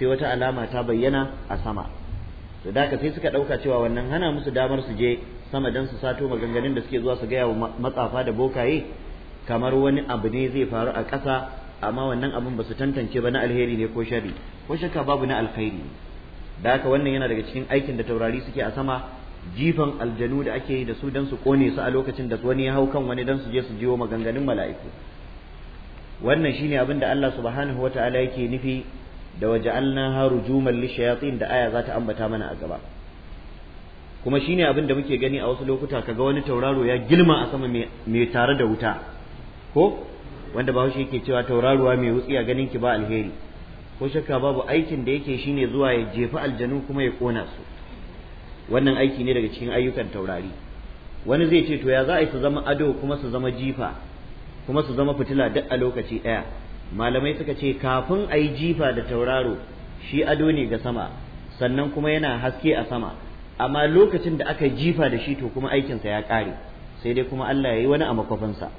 sai wata alama ta bayyana a sama to da sai suka ɗauka cewa wannan hana musu damar su je sama dan su sato maganganun da suke zuwa su gaya wa matsafa da bokaye kamar wani abu ne zai faru a ƙasa amma wannan abin ba su tantance ba na alheri ne ko shari ko shakka babu na alkhairi da haka wannan yana daga cikin aikin da taurari suke a sama jifan aljanu da ake yi da su dan su kone su a lokacin da wani ya hau kan wani dan su je su jiwo maganganun mala'iku wannan shine abin da Allah subhanahu wataala yake nufi da waja'alna ha rujuman lishayatin da aya za ta ambata mana a gaba kuma shine abin da muke gani a wasu lokuta kaga wani tauraro ya girma a sama mai tare da wuta ko wanda ba haushi yake cewa tauraruwa mai wutsi a ganin ki ba alheri ko shakka babu aikin da yake shine zuwa ya jefa aljanu kuma ya kona su wannan aiki ne daga cikin ayyukan taurari wani zai ce to ya za a yi su zama ado kuma su zama jifa kuma su zama fitila duk a lokaci ɗaya malamai suka ce kafin a yi jifa da tauraro shi ado ne ga sama sannan kuma yana haske a sama amma lokacin da aka jifa da shi to kuma aikinsa ya ƙare sai dai kuma Allah ya yi wani a makwafinsa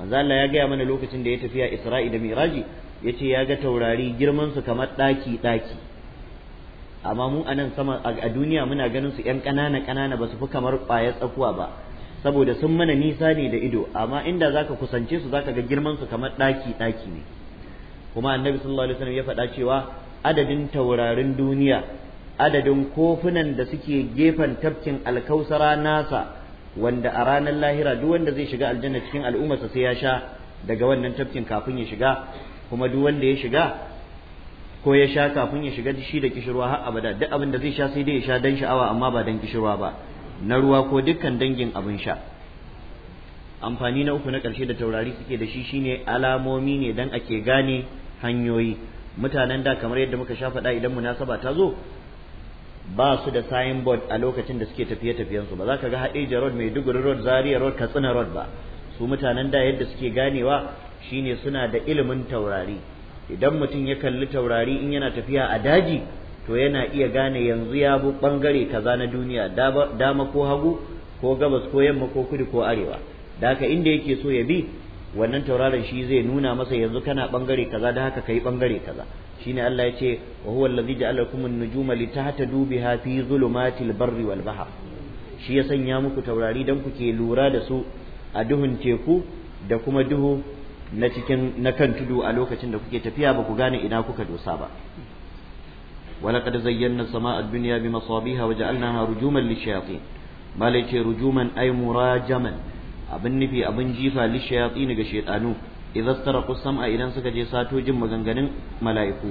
manzo Allah ya gaya mana lokacin da ya tafiya Isra'i da Miraji ya ce ya ga taurari girman su kamar ɗaki ɗaki amma mu a nan sama a duniya muna ganin su ƴan ƙanana ƙanana ba su fi kamar ƙwayar tsakuwa ba saboda sun mana nisa ne da ido amma inda zaka kusance su zaka ga girman su kamar daki daki ne kuma annabi sallallahu alaihi wasallam ya faɗa cewa adadin taurarin duniya adadin kofunan da suke gefen tafkin alkausara nasa wanda a ranar lahira duk wanda zai shiga aljanna cikin al'ummarsa sai ya sha daga wannan tafkin kafin ya shiga kuma duk wanda ya shiga ko ya sha kafin ya shiga shi da kishirwa har abada duk abin da zai sha sai dai ya sha dan sha'awa amma ba dan kishirwa ba na ruwa ko dukkan dangin abin sha amfani na uku na ƙarshe da taurari suke da shi shine alamomi ne dan ake gane hanyoyi mutanen da kamar yadda muka sha faɗa idan munasaba ta zo ba su da signboard a lokacin da suke tafiye tafiyensu ba za ka ga Hadeja road mai Maiduguri road Zaria road Katsina road ba su mutanen da yadda suke ganewa shine suna da ilimin taurari idan mutum ya kalli taurari in yana tafiya a daji to yana iya gane yanzu ya bu bangare kaza na duniya dama ko hagu ko gabas ko yamma ko kudu ko arewa da haka inda yake so ya bi wannan tauraron shi zai nuna masa yanzu kana bangare kaza da haka kai bangare kaza shine Allah ya ce wa huwa allazi ja'ala lakum an-nujuma litahtadu biha fi zulumatil barri wal bahr shi ya sanya muku taurari dan kuke lura da su a duhun teku da kuma duhu na cikin na kan tudu a lokacin da kuke tafiya ba ku gane ina kuka dosa ba ولقد زينا السماء الدنيا بمصابيها وجعلناها رجوما للشياطين ما ليت رجوما أي مراجما أبن في أبن جيفا للشياطين كشيطانو إذا استرقوا السمع إذا سكت يساتو جم مغنغن ملائكو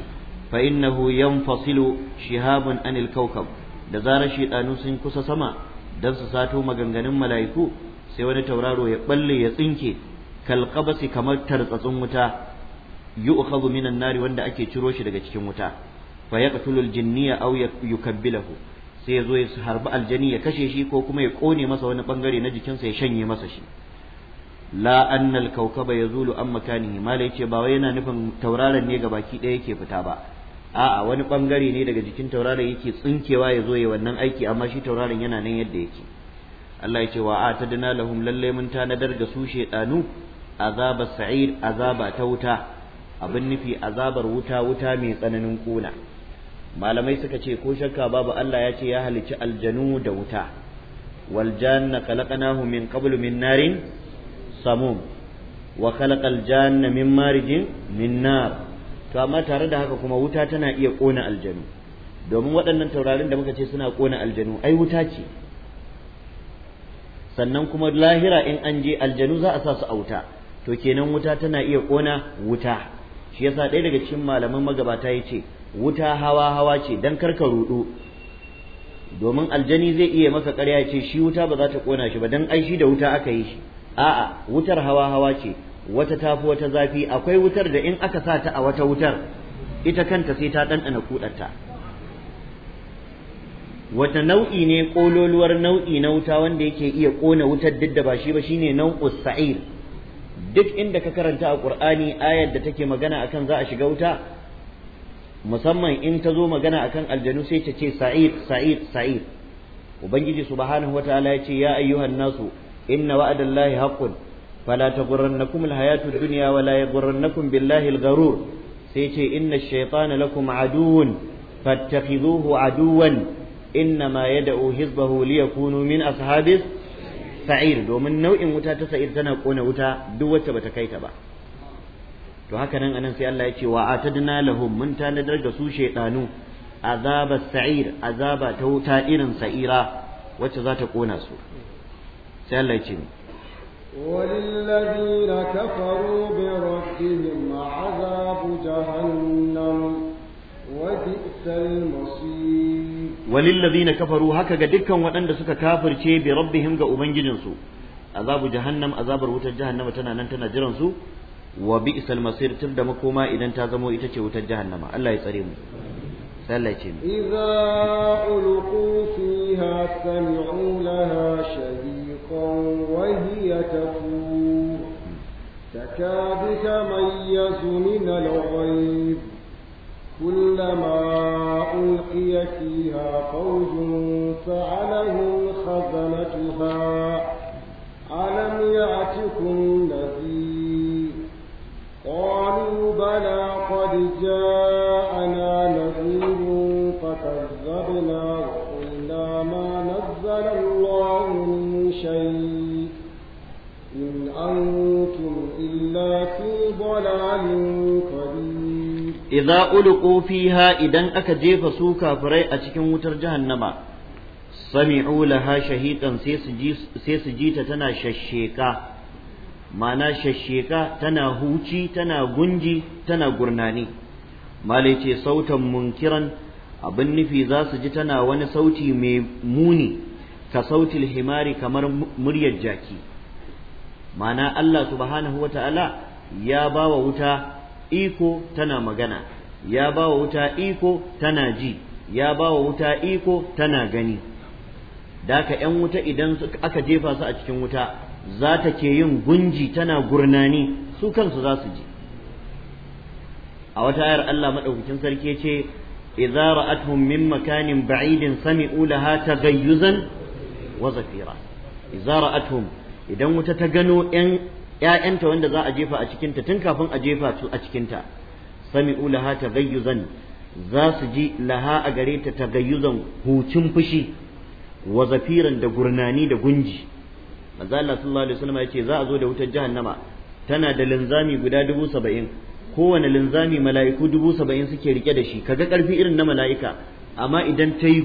فإنه ينفصل شهاب عن الكوكب da zarar shiɗanu sun kusa sama don su sato maganganun mala'iku sai wani tauraro ya balle ya tsinke kalkabasi kamar tartsatsin wuta yu'khadhu minan nari wanda ake ciro shi daga cikin wuta fa yaqtulu al-jinniya aw yukabbilahu sai ya zo ya harbi aljani ya kashe shi ko kuma ya kone masa wani bangare na jikinsa ya shanye masa shi la anna al-kawkaba yazulu an makanihi mala yace ba wai yana nufin tauraron ne ga baki ɗaya yake fita ba a'a wani bangare ne daga jikin tauraron yake tsinkewa ya zo ya wannan aiki amma shi tauraron yana nan yadda yake Allah ya ce wa atadna lahum lalle mun tanadar da su shedanu azaba sa'id azaba ta wuta abin nufi azabar wuta wuta mai tsananin kuna malamai suka ce ko shakka babu Allah ya ce ya halicci aljanu da wuta wal janna khalaqnahu min qablu min narin samum wa khalaqal janna min marijin min nar to amma tare da haka kuma wuta tana iya kona aljanu domin waɗannan taurarin da muka ce suna kona aljanu ai wuta ce sannan kuma lahira in an je aljanu za a sa su a wuta to kenan wuta tana iya kona wuta shi yasa ɗaya daga cikin malaman magabata ya ce wuta hawa hawa ce dan karka ruɗu. domin aljani zai iya maka ƙarya ce shi wuta ba za ta kona shi ba dan ai shi da wuta aka yi shi a'a wutar hawa hawa ce wata tafi wata zafi akwai wutar da in aka sa ta a wata wutar ita kanta sai ta ɗanɗana kuɗata. wata nau'i ne ƙololuwar nau'i na wuta wanda yake iya ƙona wutar duk da ba shi ba shine nau'us sa'ir duk inda ka karanta a ƙur'ani ayar da take magana akan za a shiga wuta musamman in ta zo magana akan aljanu sai ta ce sa'id sa'id sa'id ubangiji subhanahu wataala ya ce ya ayyuhan nasu inna wa'adallahi haqqun fala taghurrannakum alhayatud dunya wa la yaghurrannakum billahi algharur sai ce inna ash-shaytana lakum aduwwun fattakhidhuhu aduwwan innama yad'u hizbahu liyakunu min ashabis sa'ir domin nau'in wuta ta sa'ir tana kona wuta duk wacce bata kai ta ba to haka nan anan sai Allah ya ce wa atadna lahum mun tanadar ga su shaydanu azaba sa'ir azaba ta wuta irin sa'ira wacce za ta kona su sai Allah ya ce وللذين كفروا بربهم عذاب جهنم وبئس المصير وللذين كفروا هكذا دكا وأن سكا كافر شيء بربهم عذاب جهنم عذاب جهنم تنا ننتنا جرنسو wa bi'sal masir da makoma idan ta zamo ita ce wutar jahannama Allah ya tsare mu sallace mu idza ulqu fiha sami'u laha shahiqan wa hiya tafur takadu tamayyazu min al-ghayb كلما ألقي فيها فوج سألهم خزنتها ألم يأتكم نذير بلى قد جاءنا نذير فكذبنا وقلنا ما نزل الله من شيء إن أنتم إلا في ضلال قدير إذا ألقوا فيها إذا أكجيف سوكا فري أتكن وتر جهنم سمعوا لها شهيقا سيسجيت تنا ششيكا ma'ana shasheka tana huci tana gunji tana gurnani malai ce sautan munkiran abin nufi za su ji tana wani sauti mai muni ka sautil himari kamar muryar jaki ma'ana Allah subhanahu wa ta'ala ya ba wa wuta iko tana magana ya ba wa wuta iko tana ji ya ba wa wuta iko tana gani Daka ƴan ‘yan wuta idan aka jefa su a cikin wuta za ta ke yin gunji tana gurnani su kansu za su ji a wata ayar Allah maɗaukacin sarki ce idza ra'atuhum min makanin ba'idin sami'u laha taghayyuzan wa zafira idza ra'atuhum idan wuta ta gano ƴan wanda za a jefa a cikinta tun kafin a jefa su a cikinta sami'u laha taghayyuzan za su ji laha a gare ta tagayyuzan hucin fushi wa zafiran da gurnani da gunji manzo Allah sallallahu alaihi wasallam yace za a zo da wutar jahannama tana da linzami guda dubu saba'in kowane linzami mala'iku dubu saba'in suke rike da shi kaga karfi irin na mala'ika amma idan ta yi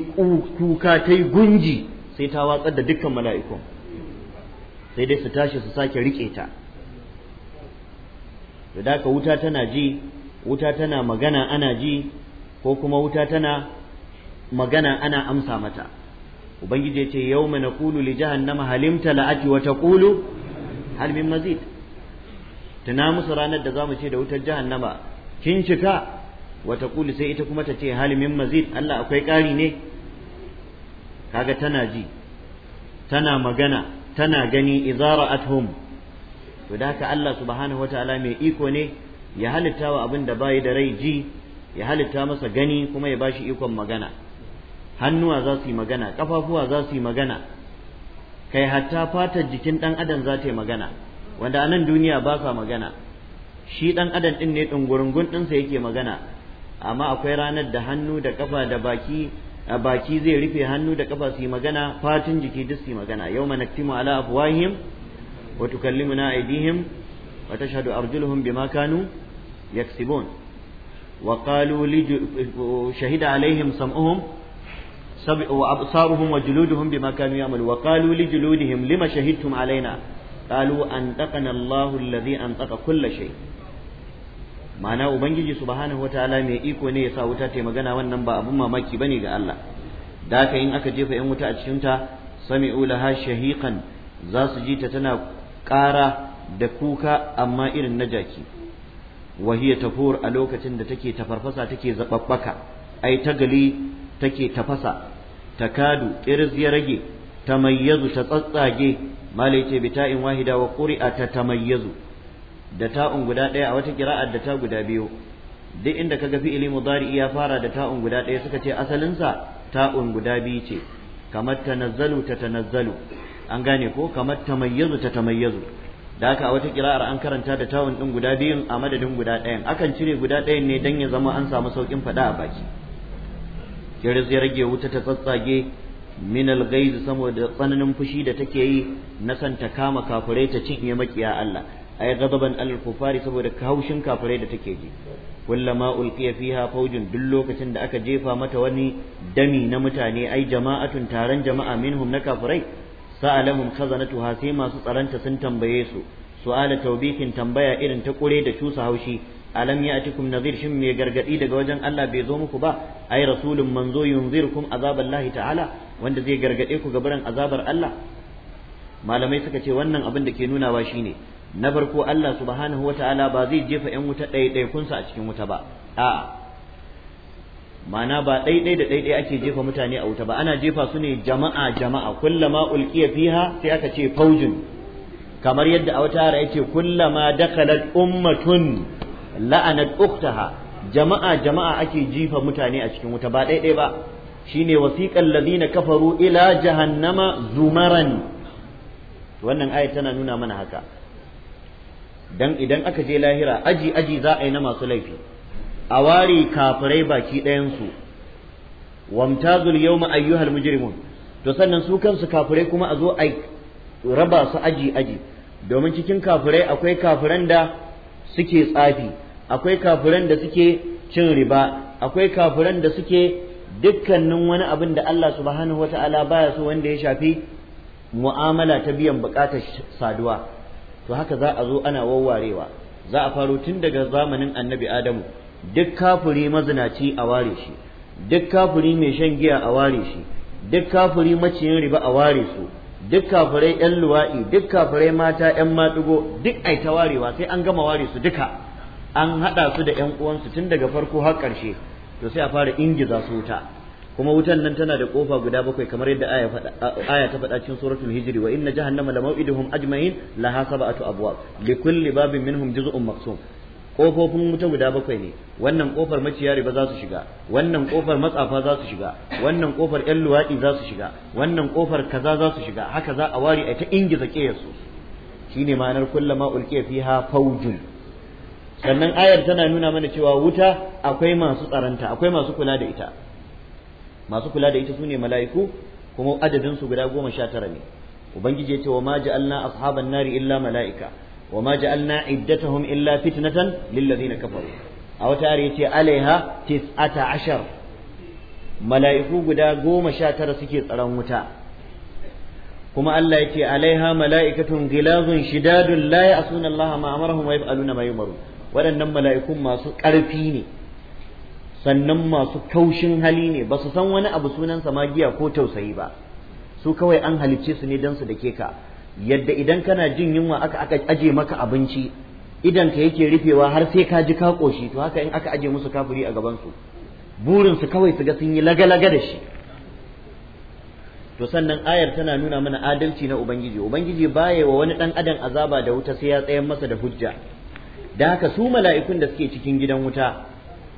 kuka ta yi gunji sai ta watsar da dukkan mala'ikun sai dai su tashi su sake rike ta da haka wuta tana ji wuta tana magana ana ji ko kuma wuta tana magana ana amsa mata ubangiji ya ce yau mana kulu li jahannama halimta la'ati wa taqulu hal mazid tuna musu ranar da zamu ce da wutar jahannama kin cika wa kulu sai ita kuma ta ce hal mazid Allah akwai ƙari ne kaga tana ji tana magana tana gani izara'athum to da haka Allah subhanahu ta'ala mai iko ne ya halitta wa abin da bayi da rai ji ya halitta masa gani kuma ya bashi ikon magana hannuwa za su yi magana kafafuwa za su yi magana kai hatta fatar jikin ɗan adam za ta yi magana wanda a nan duniya ba sa magana shi ɗan adam ɗin ne ɗungurungun ɗinsa yake magana amma akwai ranar da hannu da kafa da baki a baki zai rufe hannu da kafa su yi magana fatin jiki duk su yi magana yau ma naktimu ala afwahim wa tukallimuna aydihim wa tashhadu arjuluhum bima kanu yaksibun wa qalu shahida alaihim sam'uhum وأبصارهم وجلودهم بما كانوا يعملون وقالوا لجلودهم لما شهدتم علينا قالوا أنطقنا الله الذي أنطق كل شيء ma'ana ubangiji subhanahu wataala mai iko ne yasa wuta ta magana wannan ba abun mamaki bane ga Allah da haka in aka jefa yan wuta a cikin ta sami'u laha shahiqan za su ji ta tana ƙara da kuka amma irin na jaki wa hiya tafur a lokacin da take tafarfasa take zababbaka ai tagali take tafasa takadu irz ya rage tamayyazu ta tsatsage mala ce bi ta'in wahida wa quri'a ta tamayyazu da ta'un guda ɗaya a wata kira'a da ta guda biyu duk inda kaga fi'ili mudari ya fara da ta'un guda ɗaya suka ce asalinsa ta'un guda biyu ce kamar tanazzalu ta tanazzalu an gane ko kamar tamayyazu ta tamayyazu da haka a wata kira'ar an karanta da ta'un din guda biyun a madadin guda ɗayan akan cire guda ɗayan ne dan ya zama an samu saukin faɗa a baki kiris ya rage wuta ta tsatsage min al saboda tsananin fushi da take yi na san ta kama kafirai ta cinye makiya Allah ay ghadaban al-kufari saboda haushin kafirai da take ji kullama ulqiya fiha fawjun duk lokacin da aka jefa mata wani dami na mutane ai jama'atun taron jama'a minhum na kafirai sa'alahum khazanatuha sai masu tsaranta sun tambaye su su'ala tawbikin tambaya irin ta kure da cusa haushi alam ya'tikum Nazir shin mai gargadi daga wajen Allah bai zo muku ba ai rasulun manzo yunzirukum azaballahi ta'ala wanda zai gargade ku gabaran azabar Allah malamai suka ce wannan abin da ke nunawa ne. na farko Allah subhanahu ta'ala ba zai jefa yan wuta ɗaiɗaikunsa a cikin wuta ba a'a ma'ana ba ɗaiɗai da ɗaiɗai ake jefa mutane a wuta ba ana jefa su ne jama'a jama'a kullama ulqiya fiha sai aka ce faujin kamar yadda a wata ce kullama dakalat ummatun la'anat uktaha jama'a jama'a ake jifa mutane a cikin wuta ba ɗaiɗai ba shine wasiqal ladina kafaru ila jahannama zumaran wannan ayat tana nuna mana haka dan idan aka je lahira aji aji za a yi na masu laifi a ware kafirai baki ɗayan su wamtazul yawma ayyuhal mujrimun to sannan su kansu kafirai kuma a zo a raba su aji aji domin cikin kafirai akwai kafiran da suke tsafi akwai kafiran da suke cin riba akwai kafiran da suke dukkanin wani abin da Allah subhanahu wata'ala baya so wanda ya shafi mu'amala ta biyan bukatar saduwa to haka za a zo ana wawwarewa za a faro tun daga zamanin annabi adamu duk kafiri mazinaci a ware shi duk kafiri mai shan giya a ware shi duk kafiri maciyin riba a ware su duk kafirai yan luwa'i duk kafirai mata yan maɗigo duk ai ta warewa sai an gama ware su duka an hada su da yan uwansu tun daga farko har ƙarshe to sai a fara ingiza su wuta kuma wutan nan tana da kofa guda bakwai kamar yadda aya ta faɗa cikin suratul hijri wa inna jahannama la maw'iduhum ajma'in laha sab'atu abwab li kulli babin minhum juz'un maqsum kofofin wuta guda bakwai ne wannan kofar maciya riba za su shiga wannan kofar matsafa za su shiga wannan kofar yan luwaɗi za su shiga wannan kofar kaza za su shiga haka za a ware a ta ingiza su shine ma'anar kullama ulqiya fiha faujun sannan ayar tana nuna mana cewa wuta akwai masu tsaranta akwai masu kula da ita masu kula da ita sune mala'iku kuma adadin su guda goma sha tara ne ubangiji ya ce wa ma ja'alna ashaban nari illa mala'ika وما جعلنا عدتهم إلا فتنة للذين كفروا أو تاريتي عليها تسعة عشر ملائكو قدا قوم شاتر سكيت على متاع كما الله يتي عليها ملائكة غلاظ شداد لا يعصون الله ما أمرهم ويفعلون ما يؤمرون ولن ملائكو ما سكرفيني sannan masu kaushin hali ne ba su san wani abu sunansa magiya ko tausayi ba su kawai an halicce su ne don su dake ka yadda idan kana jin yunwa aka aka aje maka abinci idan ka yake rufewa har sai ka ji ka koshi to haka in aka aje musu kafuri a gaban su burin su kawai su ga sun yi lagalaga da shi to sannan ayar tana nuna mana adalci na ubangiji ubangiji baya wa wani dan adam azaba da wuta sai ya tsayar masa da hujja da haka su mala'ikun da suke cikin gidan wuta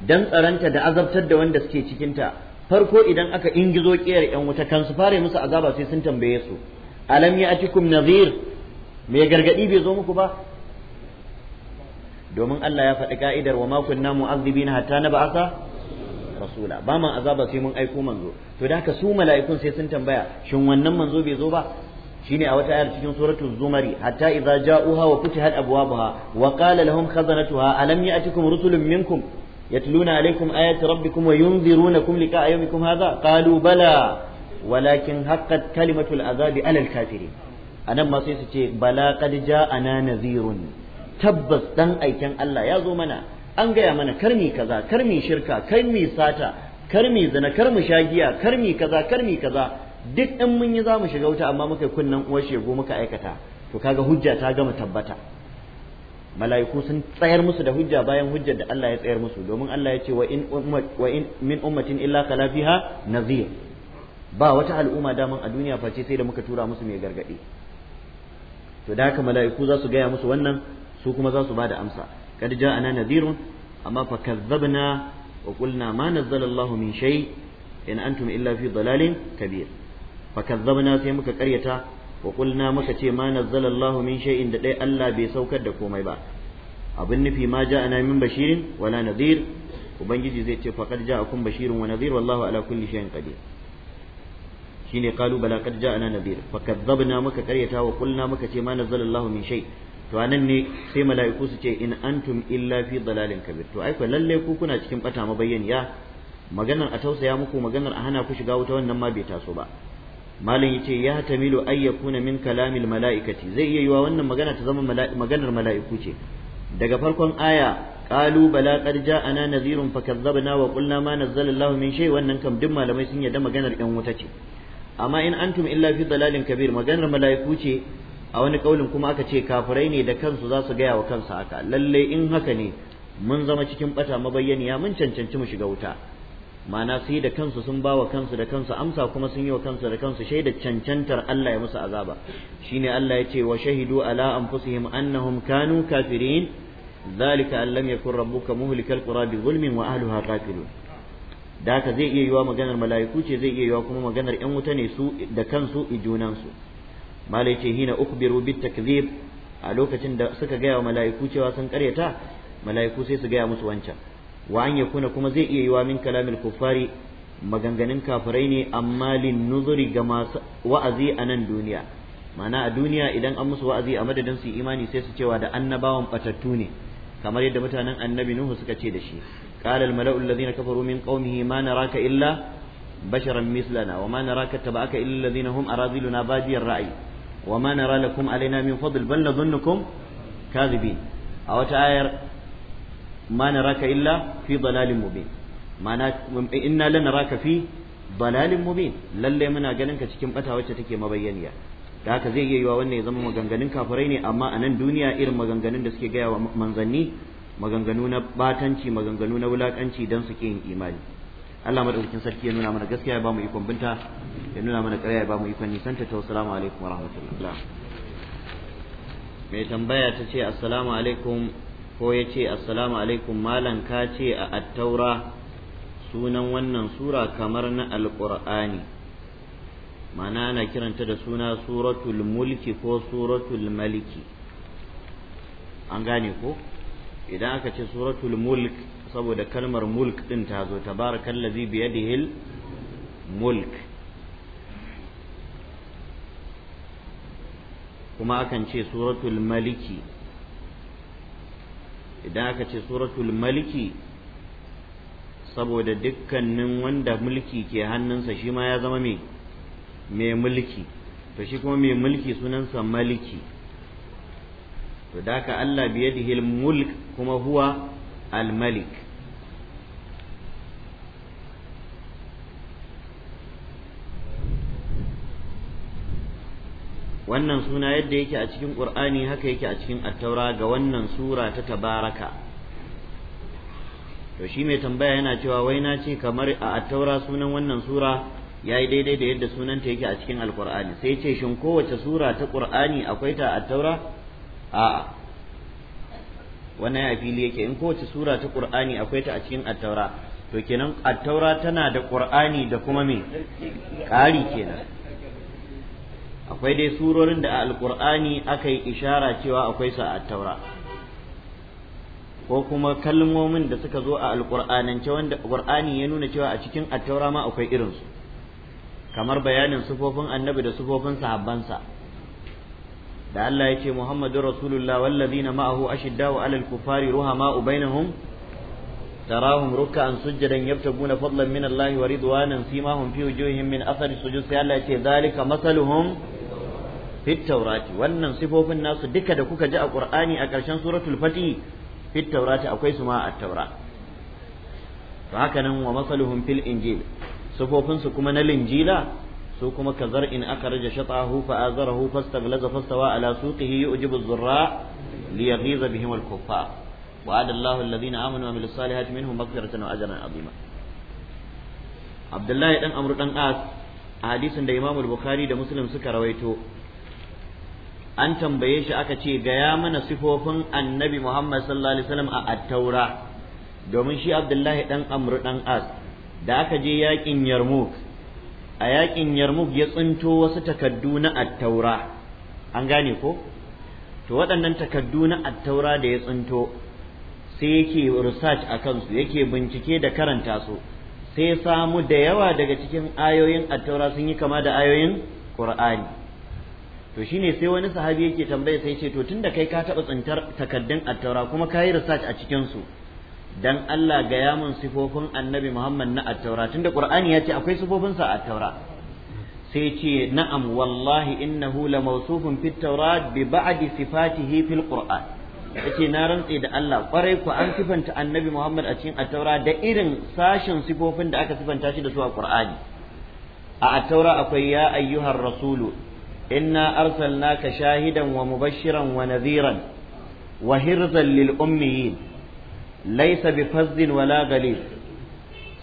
dan tsaranta da azabtar da wanda suke cikinta farko idan aka ingizo kiyar yan wuta kan su fare musu azaba sai sun tambaye su alam ya'tikum nadhir me gargadi bai zo muku ba domin Allah ya faɗi ka'idar wa ma kunna mu'azzibina hatta ba'asa? rasula ba ma azaba sai mun aiko manzo to da haka su mala'ikun sai sun tambaya shin wannan manzo bai zo ba shine a wata ayar cikin suratul zumari hatta idza ja'uha wa futihat abwabuha wa qala lahum khazanatuha alam ya'tikum rusulun minkum yatluna alaykum ayati rabbikum wa yunzirunakum liqa'a yawmikum hadha qalu bala walakin haqqat kalimatul azabi alal kafirin anan ma sai su ce bala qad ja'ana nazirun tabbas dan aikin Allah ya zo mana an gaya mana karmi kaza karmi shirka karmi sata karmi zina karmi shagiya karmi kaza karmi kaza duk in mun yi za mu shiga wuta amma muka kunnen uwar shego muka aikata to kaga hujja ta gama tabbata mala'iku sun tsayar musu da hujja bayan hujjar da Allah ya tsayar musu domin Allah ya ce wa min ummatin illa kala fiha nazir ba wata al'umma daman a duniya face sai da muka tura musu mai gargaɗi to da haka mala'iku za su gaya musu wannan su kuma za su ba da amsa kad ja'ana nadhirun amma fa kazzabna wa qulna ma nazzala Allah min shay in antum illa fi dalalin kabir fa kazzabna sai muka karyata wa qulna muka ce ma nazzala Allah min shay'in da dai Allah bai saukar da komai ba abin nufi ma ja'ana min bashirin wala nadhir ubangiji zai ce fa faqad ja'akum bashirun wa nadhir wallahu ala kulli shay'in qadir shine qalu bala qad ja'ana nadir muka karyata wa qulna muka ce ma nazzalallahu min shay to anan ne sai mala'iku su ce in antum illa fi dalalin kabir to ai lalle ku kuna cikin bata mabayyaniya maganar a tausaya muku maganar a hana ku shiga wuta wannan ma bai taso ba malam yace ya tamilu ay yakuna min kalamil mala'ikati zai iya yiwa wannan magana ta zama maganar mala'iku ce daga farkon aya qalu bala qad ja'ana nadhirun fakazzabna wa qulna ma nazzala Allahu min shay wannan kam duk malamai sun yarda maganar yan wuta ce amma in antum illa fi dalalin kabir maganar mala'iku ce a wani kaulin kuma aka ce kafirai ne da kansu za su gaya wa kansu haka lalle in haka ne mun zama cikin bata mabayyaniya mun cancanci mu shiga wuta ma'ana sai da kansu sun ba wa kansu da kansu amsa kuma sun yi wa kansu da kansu shaida cancantar Allah ya musu azaba shine Allah ya ce wa shahidu ala anfusihim annahum kanu kafirin ذلك أن لم يكن ربك مهلك القرى بظلم وأهلها قاتلون da haka zai iya yiwa maganar mala'iku ce zai iya yiwa kuma maganar yan wuta ne su da kansu i junansu malai ce hina ukhbiru bit takzib a lokacin da suka gaya wa mala'iku cewa sun karyata mala'iku sai su gaya musu wancan wa an yakuna kuma zai iya yiwa min kalamil kuffari maganganun kafirai ne amma lin nuzuri ga masu wa'azi a nan duniya mana a duniya idan an musu wa'azi a madadin su imani sai su cewa da annabawan batattu ne kamar yadda mutanen annabi nuhu suka ce da shi قال الملأ الذين كفروا من قومه ما نراك إلا بشرا مثلنا وما نراك اتبعك إلا الذين هم أراذلنا بادي الرأي وما نرى لكم علينا من فضل بل نظنكم كاذبين أو تعاير ما نراك إلا في ضلال مبين معناه إنا لنراك في ضلال مبين للي منا جننك تكيم أتا وتتكي مبينيا da haka zai iya yiwa wannan ya zama maganganun kafirai ne amma a nan duniya irin maganganun da suke gaya wa manzanni maganganu na batanci maganganu na wulakanci don su yin imani Allah madaukakin sarki ya nuna mana gaskiya ya ba mu ikon binta ya nuna mana ƙarya ya ba mu ikon nisanta ta Salamu alaikum wa rahmatullah mai tambaya ta ce assalamu alaikum ko ya ce assalamu alaikum malam ka ce a attaura sunan wannan sura kamar na alƙur'ani mana ana kiranta da suna suratul mulki ko suratul maliki an gane ko idan aka ce suratul mulk saboda kalmar mulk din ta zo tabarakallazi biyadihil mulk kuma akan ce suratul maliki idan aka ce suratul maliki saboda dukkanin wanda mulki ke hannunsa shi ma ya zama mai mulki to shi kuma mai mulki sunansa maliki to da ka Allah biyadihi mulk kuma huwa al-malik wannan suna yadda yake a cikin ƙur'ani haka yake a cikin attaura ga wannan sura ta tabaraka to shi mai tambaya yana cewa wai na ce kamar a attaura sunan wannan sura yayi daidai da yadda sunanta yake a cikin alqur'ani sai ce shin kowace sura ta qur'ani akwai ta attaura a'a wannan a fili yake in kowace sura ta qur'ani akwai ta a cikin attaura to kenan attaura tana da qur'ani da kuma me ƙari kenan akwai dai surorin da a alqur'ani aka yi ishara cewa akwai su a attaura ko kuma kalmomin da suka zo a alqur'anance wanda qur'ani ya nuna cewa a cikin attaura ma akwai irinsu kamar bayanin sufofin annabi da sufofin sahabbansa da Allah ya ce Muhammadur Rasulullah wallazina ma'ahu ashiddau 'alal kufari ruhama'u bainahum تراهم ركعا سجدا يبتغون فضلا من الله wa سيماهم في وجوههم min اثر السجود sai Allah ce zalika masaluhum fit tawrati wannan sifofin nasu duka da kuka ji a Qur'ani a ƙarshen suratul Fatih fit tawrati akwai su ma a Tawra to haka nan wa masaluhum fil injil sifofin su kuma na linjila su kuma ka zar'in aka raja shat'ahu fa azarahu fastaglaza fastawa ala suqihi yu'jibu az-zurra وعد الله الذين آمنوا وعملوا الصالحات منهم مغفرة وأجرا عظيما عبد الله بن بن حديث إمام البخاري ده مسلم suka rawaito an tambaye shi aka ce gaya mana sifofin annabi Muhammad sallallahu alaihi wasallam a Attaura, taura domin shi Abdullahi dan Amr dan As da aka je yakin Yarmouk a yakin yarmuk ya tsinto wasu takaddu na attaura an gane ko to waɗannan takaddu na attaura da ya tsinto sai yake research a kansu yake bincike da karanta su sai samu da yawa daga cikin ayoyin attaura sun yi kama da ayoyin qur'ani to shine sai wani sahabi yake tambaya sai ce to tunda kai ka taɓa tsintar takaddun attaura kuma ka yi research a cikinsu. dan Allah gaya mun sifofin annabi Muhammad na attaura tunda Qur'ani ya ce akwai sifofinsa a attaura sai ce na'am wallahi innahu la mawsufun fit tawrat bi ba'di sifatihi fil Qur'an yace na rantse da Allah kwarai ku an sifanta annabi Muhammad a cikin attaura da irin sashin sifofin da aka sifanta shi da su a Qur'ani a attaura akwai ya ayyuhar rasulu inna arsalnaka shahidan wa mubashiran wa nadhiran wa hirzan lil ummiyin laysa bi fazzin wala galil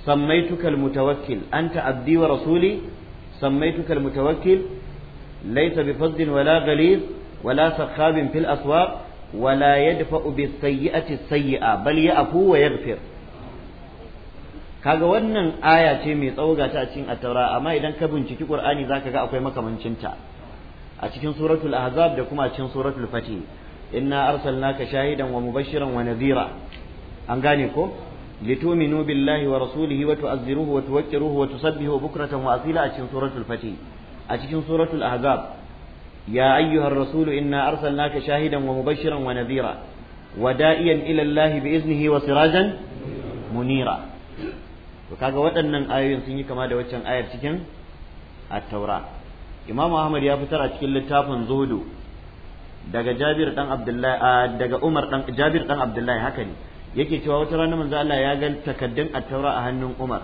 sammaytuka almutawakkil anta abdi wa rasuli sammaytuka almutawakkil laysa bi fazzin wala galil wala sakhabin fil aswaq wala yadfa'u bis sayyi'ati sayyi'a bal ya'fu wa yaghfir kaga wannan aya ce mai tsaugata a cikin attaura amma idan ka binciki qur'ani zaka ga akwai makamancinta a cikin suratul ahzab da kuma cikin suratul fati inna arsalnaka shahidan wa mubashiran wa nadhira an gane ko litu'minu billahi wa rasulihi wa tu'azziruhu wa tuwaqqiruhu wa tusabbihu bukratan wa asila a cikin suratul Fati a cikin suratul ahzab ya ayyuhar rasul inna arsalnaka shahidan wa mubashiran wa nadhira wa da'iyan ila allahi bi iznihi wa sirajan munira to kaga waɗannan ayoyin sun yi kama da waccan ayar cikin at-taura imamu ahmad ya fitar a cikin littafin zuhudu daga jabir dan abdullahi daga umar dan jabir dan abdullahi haka ne yake cewa wata rana manzo Allah ya ga takaddun at-taura a hannun Umar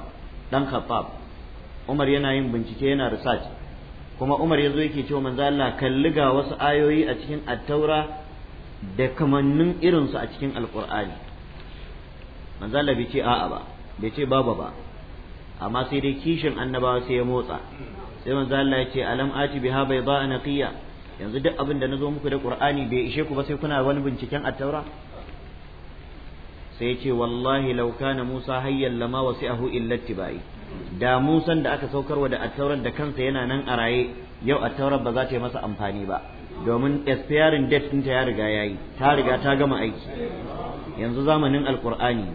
dan Khattab Umar yana yin bincike yana research kuma Umar yazo yake cewa manzo Allah kalli ga wasu ayoyi a cikin at-taura da kamannin irin su a cikin Al-Qur'ani manzo Allah bai ce a'a ba bai ce baba ba amma sai dai kishin annabawa sai ya motsa sai manzo Allah ya ce alam ati biha bayda naqiya yanzu duk abin da nazo muku da qur'ani bai ishe ku ba sai kuna wani binciken at-taura sai ce wallahi law kana Musa hayyan lama wasi'ahu illa tibai da Musan da aka saukarwa da attaurar da kansa yana nan a raye yau attaurar ba za ta yi masa amfani ba domin expiring date ɗinta ya riga yayi ta riga ta gama aiki yanzu zamanin alqur'ani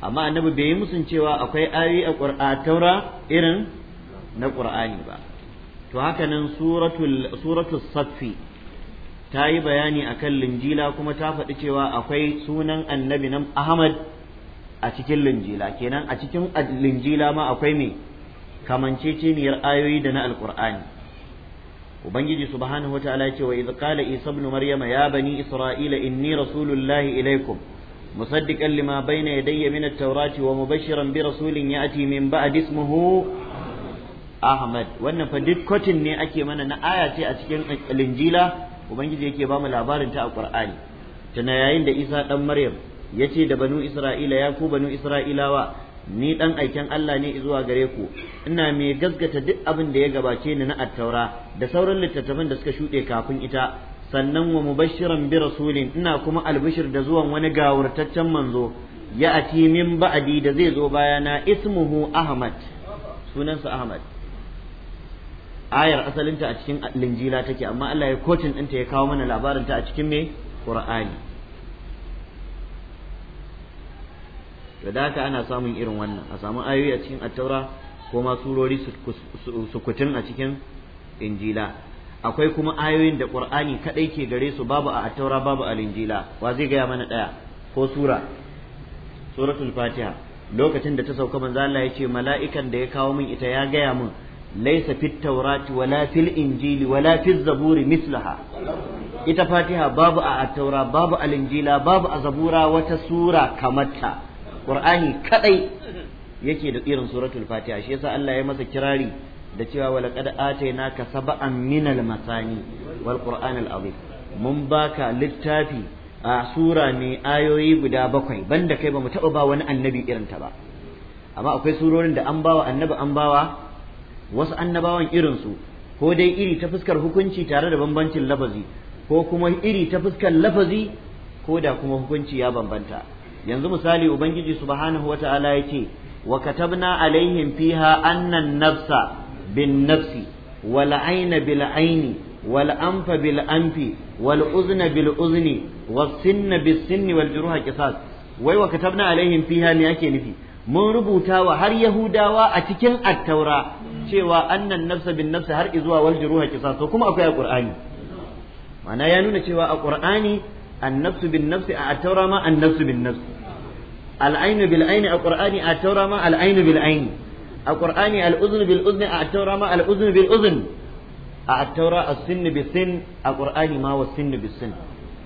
amma annabi bai yi musun cewa akwai ayi a taura irin na qur'ani ba to haka nan suratul suratul saffi ta yi bayani akan linjila kuma ta faɗi cewa akwai sunan annabi nan ahmad a cikin linjila kenan a cikin linjila ma akwai me kamanceceniyar ayoyi da na alkur'ani ubangiji subhanahu wataala ce wa idh qala isa ibn maryama ya bani isra'ila inni rasulullahi ilaikum musaddiqan lima bayna yadayya min at-taurati wa mubashiran bi rasulin ya'ti min ba'di ismihi ahmad wannan fa duk ne ake mana na aya ce a cikin linjila ubangiji yake ba mu labarin ta a qur'ani tana yayin da isa dan maryam yace da banu isra'ila ya ku banu isra'ilawa ni dan aiken Allah ne zuwa gare ku ina mai gaskata duk abin da ya gabace ni na attaura da sauran littattafan da suka shuɗe kafin ita sannan wa mubashiran bi rasulin ina kuma albishir da zuwan wani gawurtaccen manzo ya ati min ba'adi da zai zo bayana ismuhu ahmad sunansa ahmad ayar asalinta a cikin linjila take amma Allah ya kotin ɗinta ya kawo mana labarinta a cikin me Qur'ani to da haka ana samun irin wannan a samu ayoyi a cikin attaura ko ma surori sukutun a cikin injila akwai kuma ayoyin da Qur'ani kadai ke gare su babu a attaura babu a linjila wa zai gaya mana daya ko sura suratul fatiha lokacin da ta sauka manzo Allah ya ce mala'ikan da ya kawo min ita ya gaya mun. Laisa fit tawrati wala fil injili wala fil zaburi mislaha ita fatiha babu a taura babu a babu a zabura wata sura kamata. qur'ani kadai yake da irin suratul fatiha shi yasa Allah ya masa kirari da cewa wala qad atainaka sab'an minal masani wal al azim mun baka littafi a sura ne ayoyi guda bakwai banda kai ba mu taɓa ba wani annabi irin ta ba amma akwai surorin da an bawa annabi an bawa wasu annabawan irinsu ko dai iri ta fuskar hukunci tare da bambancin lafazi ko kuma iri ta fuskar lafazi ko da kuma hukunci ya bambanta yanzu misali ubangiji subhanahu wata'ala ya ce wa katabna alaihim fiha annan nafsa bin nafsi wal aina bil aini wal anfa bil anfi wal uzna bil uzni was sinna bis sinni wal juruha qisas wai wa katabna alaihim fiha ne yake nufi mun rubuta wa har yahudawa a cikin attaura cewa annan nafsa bin nafsa har izuwa wal juruha kisaso kuma akwai a qur'ani ma'ana ya nuna cewa a qur'ani annafsu bin nafsi a attaura ma annafsu bin nafsi al'ainu bil aini a qur'ani a attaura ma al'ainu bil aini a qur'ani al'uzn bil uzn a attaura ma al'uzn bil uzn a attaura as-sinn bi sin a qur'ani ma was-sinn bi sin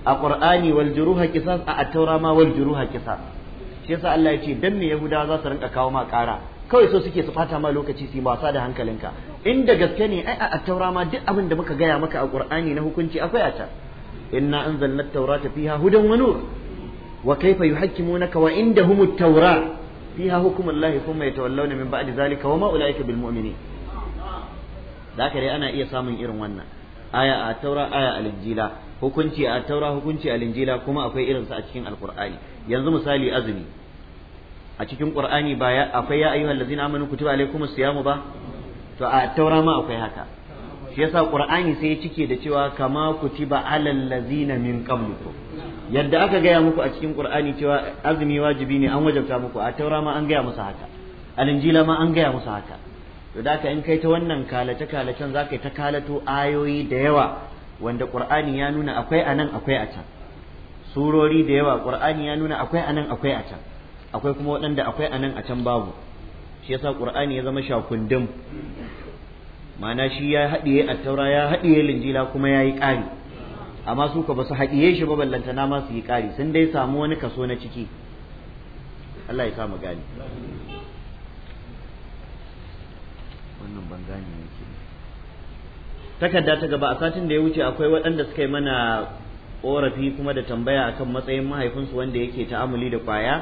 a qur'ani wal juruha qisas a attaura ma wal juruha kisa. shi yasa Allah ya ce dan me yahudawa za su rinka kawo ma ƙara kawai so suke su fata ma lokaci su yi wasa da hankalinka inda gaske ne ai a taura ma duk abin da muka gaya maka a qur'ani na hukunci akwai a ta inna anzalna at-taurata fiha hudan wa nur wa kayfa yuhakkimunaka wa indahum at-taura fiha hukmullahi thumma yatawallawna min ba'di zalika wa ma ulaika bil mu'minin da haka dai ana iya samun irin wannan aya a taura aya a lijila hukunci a taura hukunci a linjila kuma akwai irinsa a cikin alkur'ani yanzu misali azumi a cikin qur'ani ba ya akwai ya ayyuhal ladzina amanu kutiba alaikumus siyamu ba to a taura ma akwai haka shi yasa qur'ani sai ya cike da cewa kama kutiba alal ladzina min qablikum yadda aka gaya muku a cikin qur'ani cewa azumi wajibi ne an wajabta muku a taura ma an gaya musu haka a linjila ma an gaya musu haka to da in kai ta wannan kalace kalacen zaka ta kalato ayoyi da yawa wanda qur'ani ya nuna akwai anan akwai a can surori da yawa qur'ani ya nuna akwai anan akwai a can akwai kuma waɗanda akwai anan a can babu shi yasa qur'ani ya zama shakundum ma'ana shi ya haɗiye taura ya haɗiye linjila kuma ya yi ƙari amma su ka ba haɗiye shi ba na ma su yi ƙari sun dai samu wani kaso na ciki Allah ya sa mu wannan ban ne takarda ta gaba a satin da ya wuce akwai waɗanda suka yi mana ƙorafi kuma da tambaya akan matsayin mahaifinsu wanda yake ta'amuli da kwaya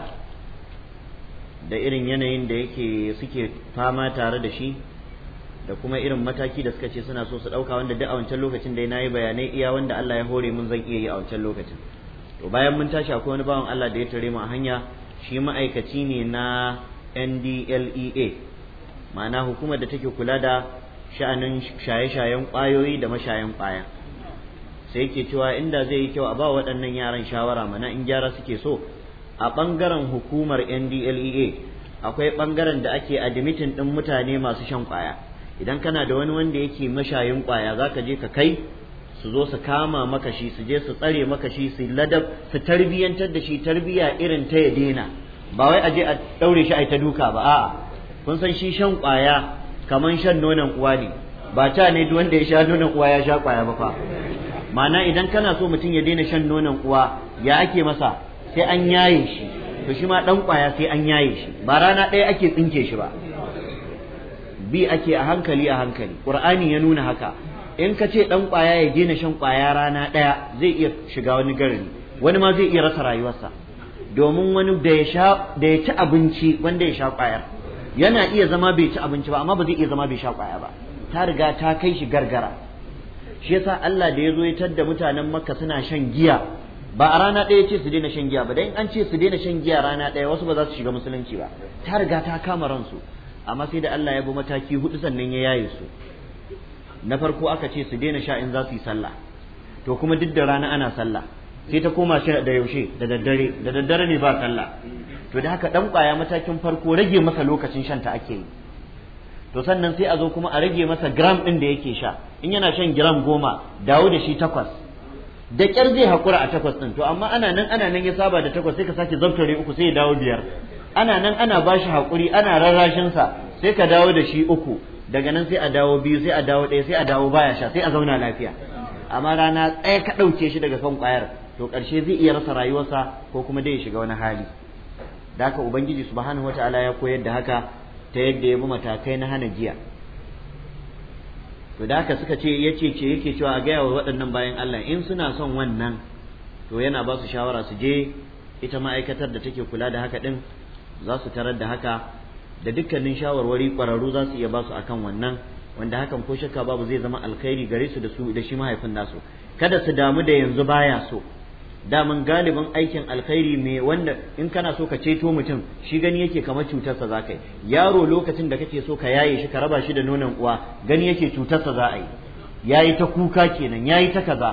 da irin yanayin da yake suke fama tare da shi da kuma irin mataki da suka ce suna so su ɗauka wanda duk a wancan lokacin dai na yi bayanai iya wanda Allah ya hore mun zan iya yi a wancan lokacin to bayan mun tashi akwai wani bawan Allah da ya tare mu a hanya shi ma'aikaci ne na NDLEA ma'ana hukumar da take kula da sha'anin shaye-shayen ƙwayoyi da mashayen ƙwaya sai yake cewa inda zai yi kyau a ba waɗannan yaran shawara mana in gyara suke so a ɓangaren hukumar ndlea akwai ɓangaren da ake admitin ɗin mutane masu shan ƙwaya idan kana da wani wanda yake mashayin ƙwaya za ka je ka kai su zo su kama maka shi su je su tsare maka shi su ladab su tarbiyantar da shi tarbiya irin ta ya daina ba wai a je a ɗaure shi a ta duka ba a'a kun san shi shan ƙwaya kaman shan nonon uwa ne ba ta ne duk wanda ya sha nonon uwa ya sha kwaya ba fa ma'ana idan kana so mutum ya daina shan nonon uwa ya ake masa sai an yaye shi to shi ma dan kwaya sai an yaye shi ba rana ɗaya ake tsinke shi ba bi ake a hankali a hankali qur'ani ya nuna haka in ka ce dan kwaya ya daina shan kwaya rana ɗaya zai iya shiga wani garin wani ma zai iya rasa rayuwarsa domin wani da ya ci abinci wanda ya sha kwayar yana iya zama bai ci abinci ba amma ba zai iya zama bai sha kwaya ba ta riga ta kai shi gargara shi yasa Allah da ya zo ya tadda mutanen Makka suna shan giya ba a rana ɗaya ce su daina shan giya ba dan an ce su daina shan giya rana ɗaya wasu ba za su shiga musulunci ba ta riga ta kama ransu amma sai da Allah ya bi mataki hudu sannan ya yaye su na farko aka ce su daina sha in za su yi sallah to kuma duk da rana ana sallah sai ta koma shi da yaushe da daddare da daddare ne ba sallah to da haka dan kwaya matakin farko rage masa lokacin shan ta ake yi to sannan sai a zo kuma a rage masa gram din da yake sha in yana shan gram goma dawo da shi takwas da kyar zai hakura a takwas din to amma ana nan ana nan ya saba da takwas sai ka sake zabtare uku sai ya dawo biyar ana nan ana bashi hakuri ana rarrashin sa sai ka dawo da shi uku daga nan sai a dawo biyu sai a dawo ɗaya sai a dawo baya sha sai a zauna lafiya amma rana ɗaya ka ɗauke shi daga kan kwayar to ƙarshe zai iya rasa rayuwarsa ko kuma dai ya shiga wani hali da haka ubangiji subhanahu wataala ya koyar da haka ta yadda ya bi matakai na hana jiya to da haka suka ce yace ce yake cewa a gaya wa waɗannan bayan Allah in suna son wannan to yana ba su shawara su je ita ma'aikatar da take kula da haka din za su tarar da haka da dukkanin shawarwari ƙwararru za su iya ba su akan wannan wanda hakan ko shakka babu zai zama alkhairi gare su da su da shi mahaifin nasu kada su damu da yanzu baya so daman galibin aikin alkhairi me wanda in kana so ka ceto mutum shi gani yake kamar cutarsa za ka yaro lokacin da kake so ka yaye shi ka raba shi da nonon uwa gani yake cutarsa za a yi yayi ta kuka kenan yayi ta kaza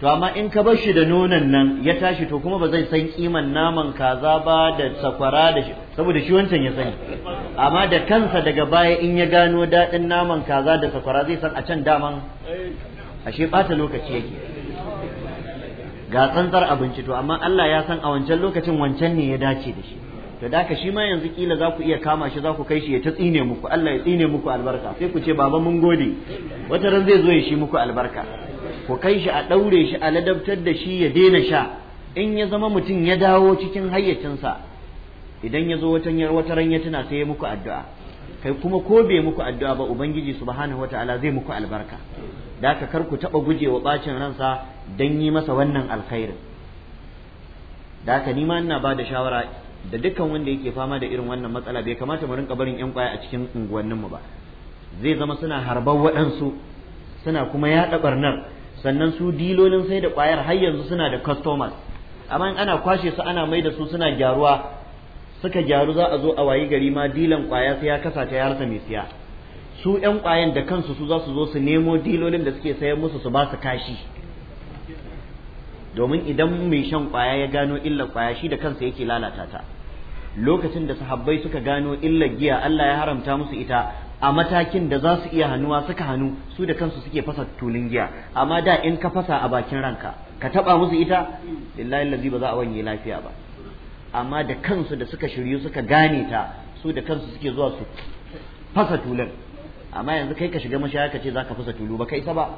to amma in ka bar shi da nonon nan ya tashi to kuma ba zai san kiman naman kaza ba da sakwara da shi saboda shi wancan ya sani amma da kansa daga baya in ya gano daɗin naman kaza da sakwara zai san a can daman ashe ɓata lokaci yake ga tsantsar abinci to amma Allah ya san a wancan lokacin wancan ne ya dace da shi to da shi ma yanzu kila za ku iya kama shi za ku kai shi ya ta tsine muku Allah ya tsine muku albarka sai ku ce baba mun gode wata ran zai zo ya shi muku albarka ku kai shi a daure shi a ladabtar da shi ya daina sha in ya zama mutum ya dawo cikin hayyacinsa idan ya zo watan wata ran ya tuna sai ya muku addu'a kai kuma ko bai muku addu'a ba ubangiji subhanahu wataala zai muku albarka da ka kar ku taba wa bacin ransa dan yi masa wannan alkhairin da ka nima ina ba da shawara da dukkan wanda yake fama da irin wannan matsala bai kamata mu rinka barin yan kwaya a cikin unguwannin mu ba zai zama suna harban waɗansu suna kuma yaɗa barnar sannan su dilolin sai da kwayar har yanzu suna da customers amma in ana kwashe su ana mai da su suna gyaruwa suka gyaru za a zo a wayi gari ma dilan kwaya sai ya kasa ta yarsa mai siya su yan kwayan da kansu su za su zo su nemo dilolin da suke sayan musu su ba su kashi domin idan mai shan kwaya ya gano illar kwaya shi da kansa yake lalata ta lokacin da sahabbai suka gano illar giya Allah ya haramta musu ita a matakin da za su iya hannuwa suka hannu su da kansu suke fasa tulun giya amma da in ka fasa a bakin ranka ka taba musu ita lillahi lazi ba za a wanye lafiya ba amma da kansu da suka shiryu suka gane ta su da kansu suke zuwa su fasa tulun amma yanzu kai ka shiga mashaya ka ce za ka fasa tulu ba kai sa ba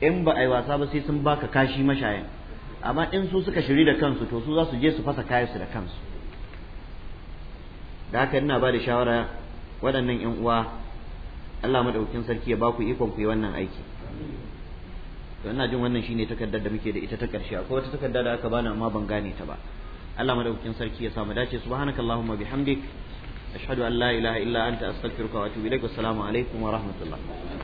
in ba a yi wasa ba sai sun baka kashi mashayan amma in su suka shiri da kansu to su za su je su fasa kayansu da kansu da haka ina ba da shawara waɗannan 'yan uwa Allah madaukin sarki ya ba ku ikon ku yi wannan aiki to ina jin wannan shine takardar da muke da ita ta ƙarshe akwai wata takarda da aka bani amma ban gane ta ba Allah madaukakin sarki ya samu dace subhanakallahumma bihamdik ashhadu an la ilaha illa anta astaghfiruka wa atubu ilaik assalamu alaikum wa rahmatullah